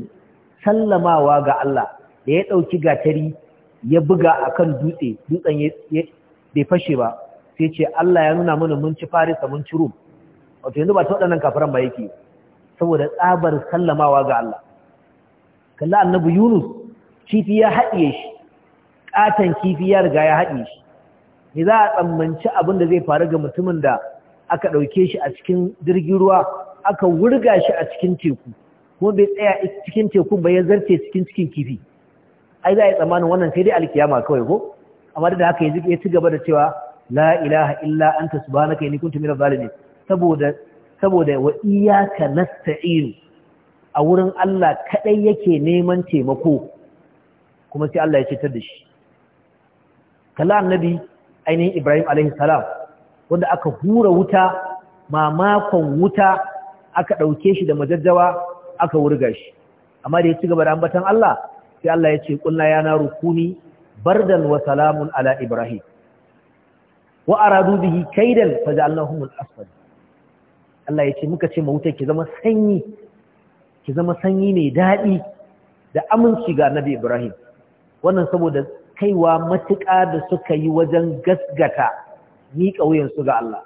sallamawa ga Allah da ya dauki gatari ya buga akan dutse dutsen bai fashe ba sai ce Allah ya nuna mana mun ci Farisa mun ci Rum wato yanzu ba ta waɗannan kafiran ba yake saboda tsabar sallamawa ga Allah kalla annabi Yunus kifi ya haɗiye shi katan kifi ya riga ya haɗiye shi ni za a tsammanci abin da zai faru ga mutumin da aka ɗauke shi a cikin jirgin ruwa aka wurga shi a cikin teku kuma bai tsaya cikin teku ba ya zarce cikin cikin kifi ai za a yi tsammanin wannan sai dai alkiyama kawai ko amma da haka yanzu ya ci gaba da cewa la ilaha illa anta subhanaka inni kuntu minaz zalimin saboda saboda wa iyyaka nasta'in a wurin Allah kadai yake neman taimako kuma sai Allah ya ta da shi kala annabi ainihin Ibrahim alaihi salam wanda aka hura wuta mamakon wuta aka dauke shi da majajjawa aka wurga shi amma da ya ci gaba da ambatan Allah sai Allah ya ce kullu ya naru kuni bardan wa salamun ala Ibrahim wa aradu bihi kaidan ja'alnahum al-asfal Allah yace muka ce mawutar ki zama sanyi ki zama sanyi mai dadi da aminci ga Nabi Ibrahim wannan saboda kaiwa matuƙa da suka yi wajen gasgata miƙa su ga Allah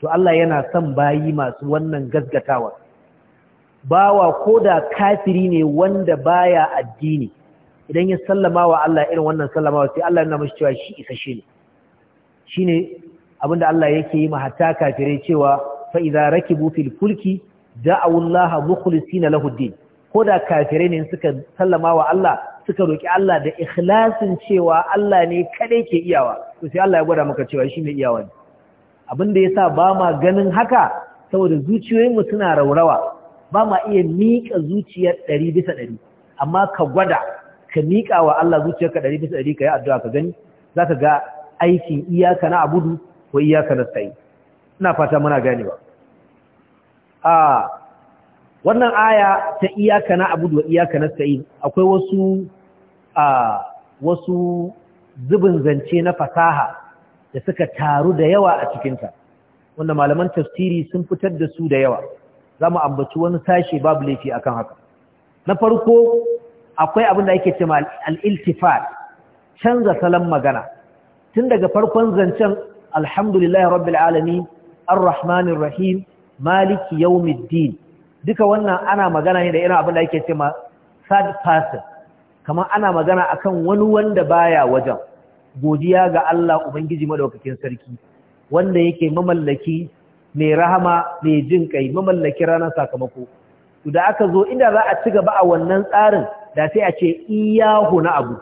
to Allah yana son bayi masu wannan gasgatawa bawa ko da kafiri ne wanda baya addini idan ya sallama wa Allah irin wannan sallamawa sai Allah yana mishi cewa shi isa shi ne shine abinda Allah yake yi mahatta kafirai cewa fa idza rakibu fil fulki da'u Allah mukhlisina lahu din koda kafirai ne suka sallama wa Allah suka roki Allah da ikhlasin cewa Allah ne kada ke iyawa to sai Allah ya gwada maka cewa shi ne iyawa ne abinda yasa ba ma ganin haka saboda zuciyoyinmu suna raurawa ba ma iya miƙa zuciyar ɗari bisa ɗari amma ka gwada ka miƙa wa Allah zuciyarka ɗari bisa ɗari ka yi addu'a ka gani za ka ga aikin iyaka na abudu ko iyaka na sa'i. ina fata muna ba a wannan aya ta iyaka na abudu wa iyaka na sa'i akwai wasu a wasu zubin zance na fasaha da suka taru da yawa a cikinta wanda malaman tafsiri sun fitar da su da yawa za mu ambaci wani sashe babu laifi akan haka na farko akwai abin da ake cewa al-iltifat canza salon magana tun daga farkon zancen alhamdulillahi rabbil alamin arrahmanir rahim maliki yawmiddin duka wannan ana magana ne da irin abin da yake ce ma third person kamar ana magana akan wani wanda baya wajen godiya ga Allah ubangiji madaukakin sarki wanda yake mamallaki mai rahama mai jin kai mamallaki ranar sakamako to da aka zo inda za a ci gaba a wannan tsarin da sai a ce iyahu na abu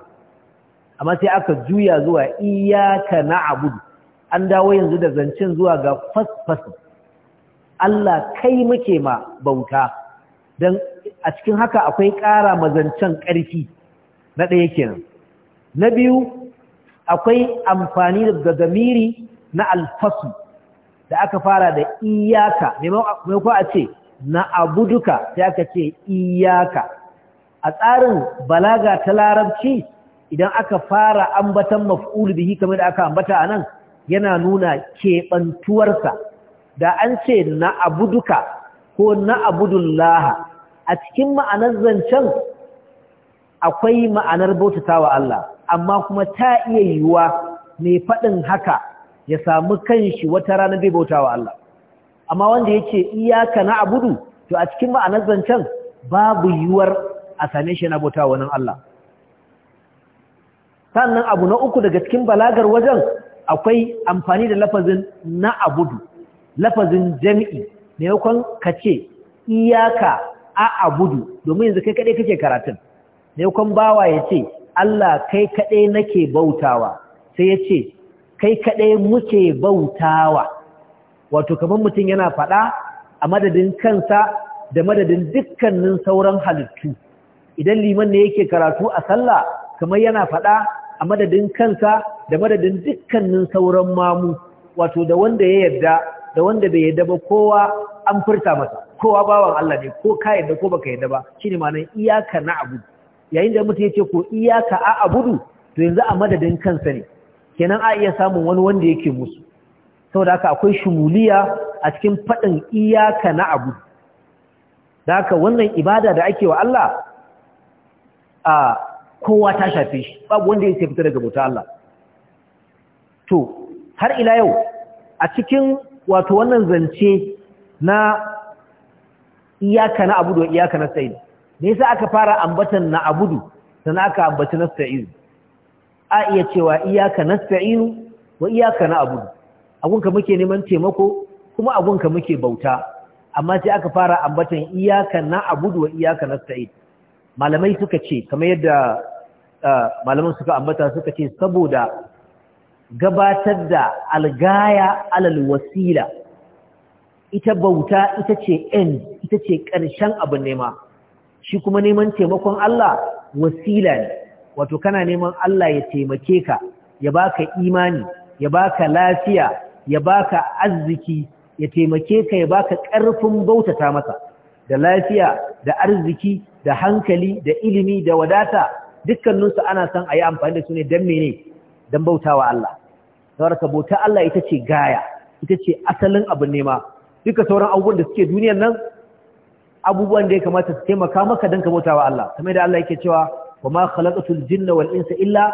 amma sai aka juya zuwa iyaka na'budu an dawo yanzu da zancen zuwa ga fasfas Allah kai muke ma bauta dan a cikin haka akwai ƙara zancen ƙarfi na ɗaya kenan na biyu akwai amfani da zamiri na alfasu da aka fara da iyaka maimakon a ce na abuduka sai aka ce iyaka a tsarin balaga ta larabci idan aka fara ambatan maf'ul bihi kamar da aka ambata anan yana nuna keɓantuwarsa da an ce na abuduka ko na abudullah a cikin ma'anar zancen akwai ma'anar bautatawa Allah amma kuma ta iya yiwuwa mai faɗin haka ya samu kanshi wata rana bai bautawa Allah amma wanda yace iyaka na abudu to a cikin ma'anar zancen babu yiwuwar a same shi na bautawa wannan Allah sannan abu na uku daga cikin balagar wajen akwai amfani da lafazin na abudu lafazin jami'i maimakon ka ce iyaka a abudu domin yanzu kai kaɗai kake karatun maimakon bawa ya ce Allah kai kaɗai nake bautawa sai ya ce kai kaɗai muke bautawa wato kamar mutum yana faɗa a madadin kansa da madadin dukkanin sauran halittu idan liman ne yake karatu a sallah kamar yana faɗa a madadin kansa da madadin dukkanin sauran mamu wato da wanda ya yarda da wanda bai yarda ba kowa an furta masa kowa bawan Allah ne ko ka yarda ko baka yarda ba shine ma'anar iyaka abu. yayin da mutum yace ko iyaka a'budu to yanzu a madadin kansa ne kenan a iya samun wani wanda yake musu saboda haka akwai shumuliya a cikin faɗin iyaka abu da haka wannan ibada da ake wa Allah a kowa ta shafe shi babu wanda ya fita daga bauta Allah to har ila yau a cikin wato wannan zance na iyaka na abudu iyaka na sa'idu me yasa aka fara ambatan na abudu sannan aka ambaci na sa'idu a iya cewa iyaka na sa'idu wa iyaka na abudu abunka muke neman taimako kuma abunka muke bauta amma sai aka fara ambatan iyaka na abudu wa iyaka na sa'idu malamai suka ce kamar yadda malaman suka ambata suka ce saboda gabatar da algaya alal wasila ita bauta ita ce end ita ce ƙarshen abin nema shi kuma neman taimakon Allah wasila ne wato kana neman Allah ya taimake ka ya baka imani ya baka lafiya ya baka arziki ya taimake ka ya baka ƙarfin bautata masa da lafiya da arziki da hankali da ilimi da wadata dukkaninsu ana son a yi amfani da su ne don mene don bautawa Allah sauraka bauta Allah ita ce gaya ita ce asalin abin nema duka sauran abubuwan da suke duniyan nan abubuwan da ya kamata su taimaka maka don ka bautawa Allah kamar da Allah yake cewa wa ma khalaqatul jinna wal insa illa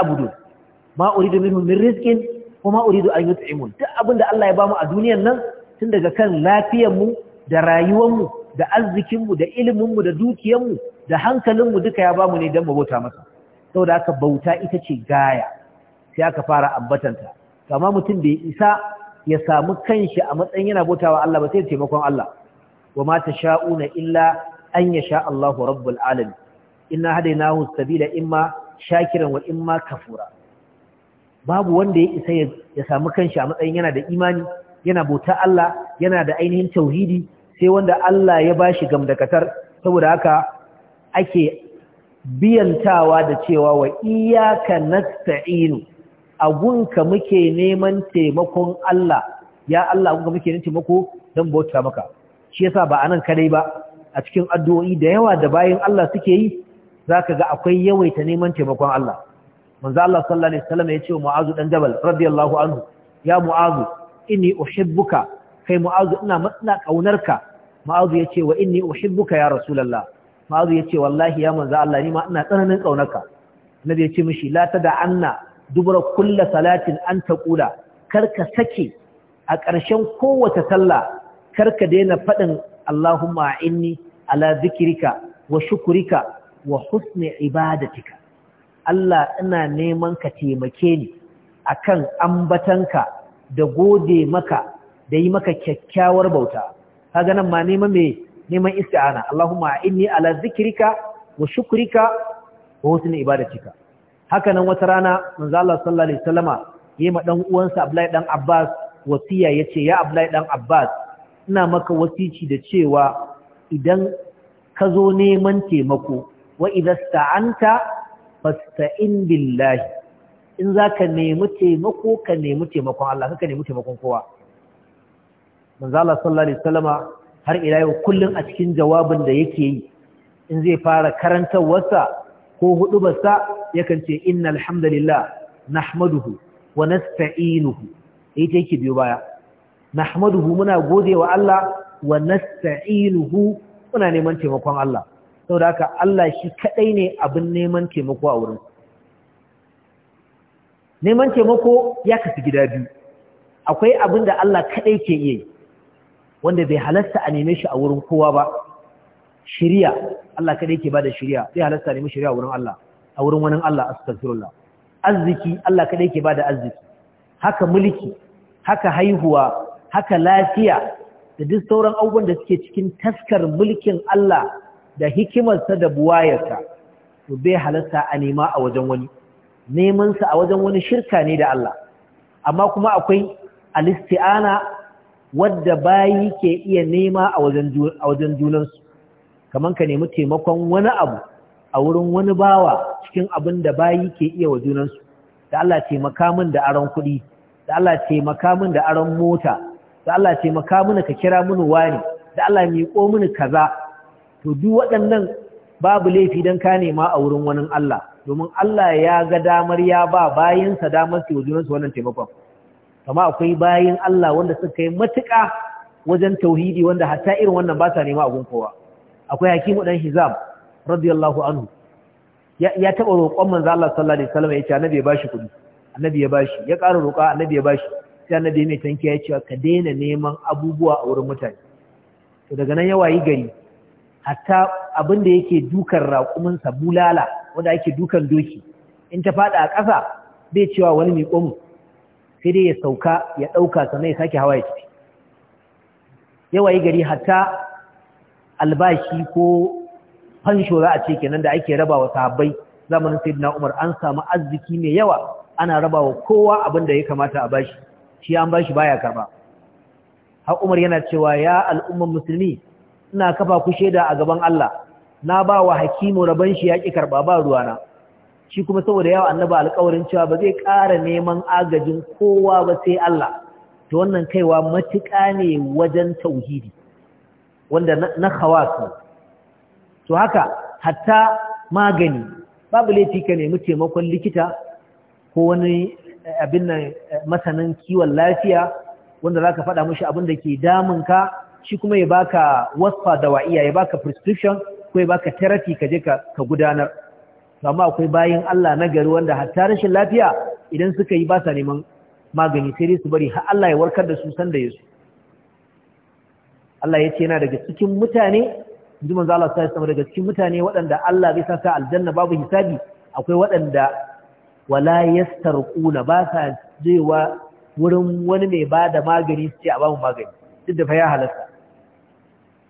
abudu. ma uridu minhum min rizqin wa ma uridu an yut'imun duk abin da Allah ya bamu a duniyan nan tun daga kan lafiyar mu da rayuwar mu da arzikin mu da ilimin mu da dukiyar mu da hankalinmu duka ya bamu ne don mu bauta masa saboda aka bauta ita ce gaya sai aka fara ambatanta Kama mutum bai isa ya samu kanshi a matsayin yana bautawa Allah ba sai da taimakon Allah wa ma tasha'una illa an ya sha Allahu rabbul alamin inna hadaynahu sabila imma shakiran wa imma kafura babu wanda ya isa ya samu kanshi a matsayin yana da imani yana bauta Allah yana da ainihin tauhidi sai wanda Allah ya bashi gamdakatar saboda haka ake biyantawa da cewa wa iyaka nasta'inu agunka muke neman taimakon Allah ya Allah agunka muke neman taimako don bauta maka shi yasa ba anan kadai ba a cikin addu'o'i da yawa da bayan Allah suke yi zaka ga akwai yawaita neman taimakon Allah manzo Allah sallallahu alaihi wasallam ya ce wa Mu'azu dan Jabal radiyallahu anhu ya Mu'azu inni uhibbuka kai Mu'azu ina matsina kaunarka Mu'azu ya ce wa inni uhibbuka ya Rasulullah ma'azu ya ce wallahi ya manza Allah ni ma ina tsananin ƙaunaka. nabi ya ce mishi la tada da anna dubra kulla salatin an taqula Kar karka sake a ƙarshen kowace sallah karka daina faɗin Allahumma inni ala zikirika wa shukrika wa husni ibadatika Allah ina neman ka taimake ni akan ambatanka da gode maka da yi maka kyakkyawar bauta kaga nan ma neman me neman isti'ana Allahumma inni ala zikrika wa shukrika wa husni ibadatika haka nan wata rana manzo Allah sallallahu alaihi wasallama yayi ma dan uwansa Abdullahi dan Abbas wasiya yace ya Abdullahi dan Abbas ina maka wasici da cewa idan ka zo neman taimako wa idza sta'anta fasta'in billahi in zaka nemi taimako ka nemi taimakon Allah ka nemi taimakon kowa manzo Allah sallallahu alaihi wasallama har ila yau kullum a cikin jawabin da yake yi in zai fara karantarwarsa ko hudubarsa yakan ce inna alhamdulillah nahmaduhu wa nasta'inuhu yi yake biyo baya nahmaduhu muna godewa Allah wa nasta'inuhu muna neman taimakon Allah saboda haka Allah shi kadai ne abin neman taimako a wurin neman taimako ya kasu gida biyu akwai abin da Allah kadai ke iya yi wanda bai halasta a neme shi a wurin kowa ba shiriya Allah kada yake bada shiriya bai halasta a neme shiriya wurin Allah a wurin wani Allah astaghfirullah arziki Allah kada yake bada arziki haka mulki haka haihuwa haka lafiya da duk sauran abubuwan da suke cikin taskar mulkin Allah da hikimarsa da buwayarsa to bai halasta a nema a wajen wani neman sa a wajen wani shirka ne da Allah amma kuma akwai alisti'ana wadda bayi ke iya nema a wajen junansu kamar ka nemi taimakon wani abu a wurin wani bawa cikin abin da bayi ke iya wa junansu da Allah taimaka min da aron kuɗi da Allah taimaka min da aron mota da Allah taimaka min ka kira mini wani da Allah miƙo mini kaza to duk waɗannan babu laifi don ka nema a wurin wani Allah domin Allah ya ga damar ya ba bayansa damar su wa junansu wannan taimakon kama akwai bayin Allah wanda suka yi matuƙa wajen tauhidi wanda hatta irin wannan ba ta nema abun kowa akwai hakimu dan hizam radiyallahu anhu ya taɓa roƙon manzo Allah sallallahu alaihi wasallam ya ce annabi ya bashi kuɗi annabi ya bashi ya ƙara roƙa annabi ya bashi sai annabi mai tanki ya ce ka daina neman abubuwa a wurin mutane to daga nan ya wayi gari hatta abin da yake dukan raƙuminsa bulala wanda yake dukan doki in ta faɗa a ƙasa bai cewa wani mai ƙomu sai dai ya sauka ya ɗauka sannan ya sake hawa ya ciki. yawa yi gari hatta albashi ko fansho za a ce kenan da ake raba wa sahabbai zamanin sai na umar an samu arziki mai yawa ana raba wa kowa abin da ya kamata a bashi shi an bashi baya karba har umar yana cewa ya al'umman musulmi ina kafa ku shaida a gaban Allah na ba wa hakimu rabon shi ya ƙi karɓa ba ruwana shi kuma saboda yawa annaba alƙawarin cewa ba zai ƙara neman agajin kowa ba sai Allah to wannan kaiwa matuƙa ne wajen tauhidi wanda na khawasu to haka hatta magani babu laifi ka nemi taimakon likita ko wani eh, abin nan eh, masanin kiwon lafiya wanda zaka faɗa mishi abin da ke ka, shi kuma ya baka wasfa wa'iya, ya baka prescription ko ya baka therapy ka je ka gudanar amma akwai bayin Allah na gari wanda hatta rashin lafiya idan suka yi ba sa neman magani sai dai su bari har Allah ya warkar da su san da yesu Allah ya ce yana daga cikin mutane inji manzo Allah sai sama daga cikin mutane waɗanda Allah zai saka aljanna babu hisabi akwai waɗanda wala yastarquna ba sa jewa wurin wani mai bada magani su a ba mu magani duk da fa ya halasta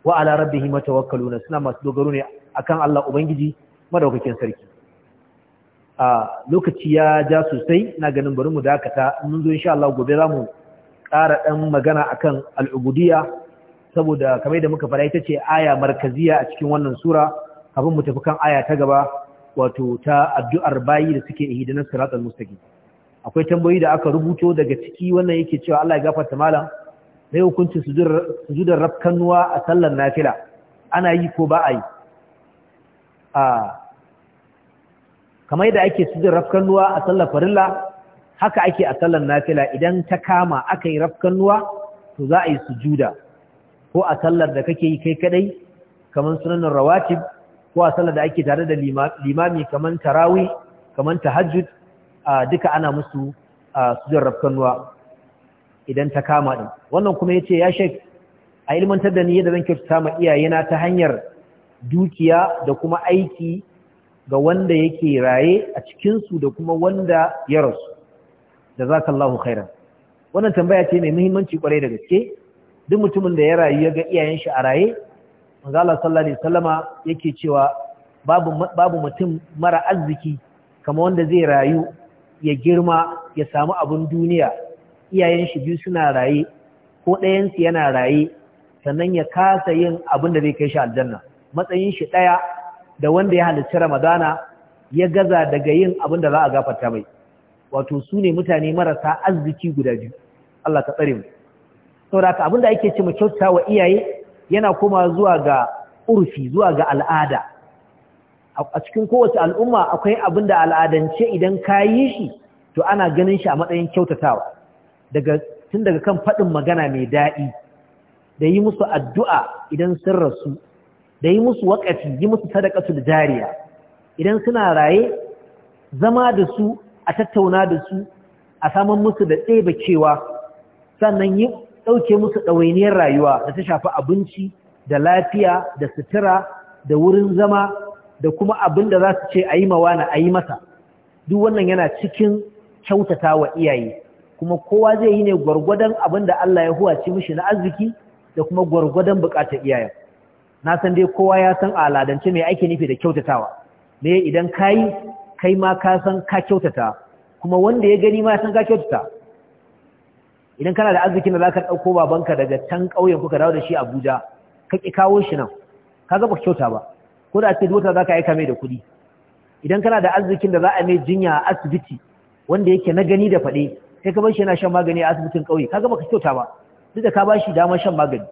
wa ala rabbihim tawakkaluna suna masu dogaro ne akan Allah ubangiji madaukakin sarki a lokaci ya ja sosai na ganin bari mu dakata mun zo insha Allah gobe zamu ƙara dan magana akan al'ubudiyya saboda kamar da muka fara ita ce aya markaziya a cikin wannan sura kafin mu tafi kan aya ta gaba wato ta addu'ar bayi da suke ihdina siratal mustaqim akwai tambayoyi da aka rubuto daga ciki wannan yake cewa Allah ya gafarta malam sai hukuncin sujudar nuwa a sallar nafila ana yi ko ba a yi kamar yadda ake sujud rafkanuwa a sallar farilla haka ake a sallar nafila idan ta kama aka yi rafkanuwa to za a yi sujuda ko a sallar da kake yi kai kadai kamar sunanin rawatib ko a sallar da ake tare da limami kamar tarawi kamar tahajjud duka ana musu sujud rafkanuwa idan ta kama din wannan kuma ce ya shek a ilmantar da ni yadda zan kyautata ma iyayena ta hanyar dukiya da kuma aiki ga wanda yake raye a cikinsu da kuma wanda ya rasu da za ka khairan wannan tambaya ce mai muhimmanci kwarai da gaske duk mutumin da ya rayu ya ga iyayen shi a raye manzo Allah sallallahu yake cewa babu babu mutum mara arziki kamar wanda zai rayu ya girma ya samu abun duniya iyayen shi biyu suna raye ko ɗayan yana raye sannan ya kasa yin abin da zai kai shi aljanna matsayin shi ɗaya da wanda ya halarci ramadana ya gaza daga yin abin da za a gafarta mai wato su ne mutane marasa arziki guda biyu Allah ka tsare mu saboda haka abin da ake ce mu kyautata wa iyaye yana koma zuwa ga urfi zuwa ga al'ada a cikin kowace al'umma akwai abin da al'adance idan ka yi shi to ana ganin shi a matsayin kyautatawa daga tun daga kan faɗin magana mai daɗi da yi musu addu'a idan sun rasu da yi musu wakati yi musu su da jariya idan suna raye zama da su a tattauna da su a saman musu da tseba cewa sannan yi ɗauke musu ɗawainiyar rayuwa da ta shafi abinci da lafiya da sutura da wurin zama da kuma abin da za su ce a yi mawa na a yi masa duk wannan yana cikin kyautata wa iyaye kuma kowa zai yi ne gwargwadon abin da Allah ya huwace mishi na arziki da kuma gwargwadon buƙatar iyayen na san dai kowa ya san aladance mai ake nufi da kyautatawa me idan kai kai ma ka san ka kyautata kuma wanda ya gani ma ya san ka kyautata idan kana da arzikin da zaka dauko babanka daga can kauyen kuka dawo da shi Abuja ka ki kawo shi nan kaga ba kyauta ba ko da ce dota zaka aika mai da kuɗi idan kana da arzikin da za a mai jinya a asibiti wanda yake na gani da fade sai ka bar shi yana shan magani a asibitin kauye kaga ba kyauta ba duk da ka bashi damar shan magani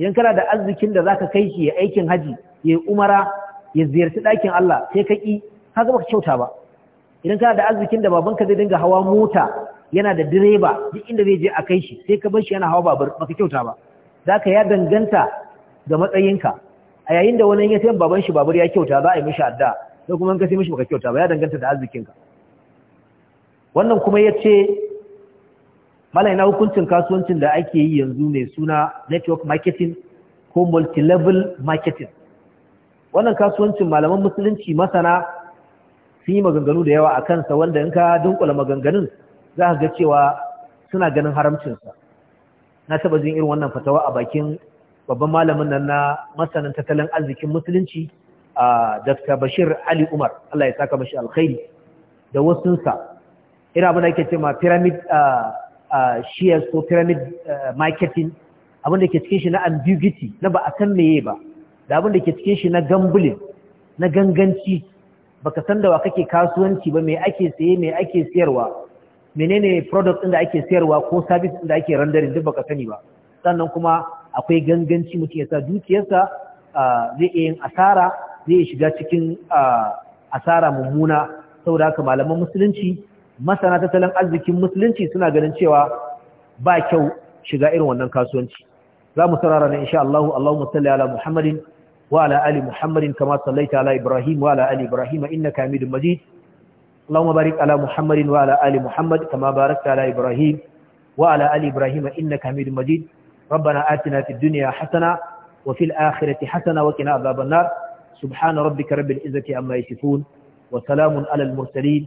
idan kana da arzikin da zaka kai shi ya aikin haji ya umara ya ziyarci ɗakin Allah sai ka ƙi ga baka kyauta ba idan kana da arzikin da babanka zai dinga hawa mota yana da direba duk inda zai je a kai shi sai ka bar shi yana hawa babur baka kyauta ba zaka ya danganta ga matsayinka a yayin da wani ya san baban shi babur ya kyauta za a yi mishi adda sai kuma in ka sai mishi baka kyauta ba ya danganta da arzikinka wannan kuma yace malai hukuncin kasuwancin da ake yi yanzu mai suna network marketing ko multilevel marketing wannan kasuwancin malaman musulunci masana sun yi maganganu da yawa a kansa wanda in ka dunkula maganganun za ka ga cewa suna ganin haramcinsa na taba jin irin wannan fatawa a bakin babban malamin nan na masanin tattalin arzikin musulunci a Dr. Bashir Ali Umar Allah ya saka mashi alkhairi da wasunsa ina abin da ake cewa pyramid shears ko pyramid eh, marketing abinda ke cikin shi na ambiguity na ba a san meye ba da abinda ke cikin shi na gambling na ganganci baka san da wa kake kasuwanci ba me ake saye me ake siyarwa menene product din da ake siyarwa ko service din da ake rendering duk baka sani ba sannan kuma akwai ganganci mutum ya sa dukiyarsa eh, zai iya yin asara zai shiga cikin eh, asara mummuna saboda haka malaman musulunci masana tattalin arzikin musulunci suna ganin cewa ba kyau shiga irin wannan kasuwanci za mu sarara ne insha Allah Allahumma salli ala Muhammadin wa ala ali Muhammadin kama sallaita ala Ibrahim wa ala ali Ibrahim innaka Hamidum Majid Allahumma barik ala Muhammadin wa ala ali Muhammad kama barakta ala Ibrahim wa ala ali Ibrahim innaka Hamidum Majid ربنا آتنا في الدنيا حسنة وفي الآخرة حسنة وقنا subhana النار سبحان ربك رب العزة عما يصفون وسلام على المرسلين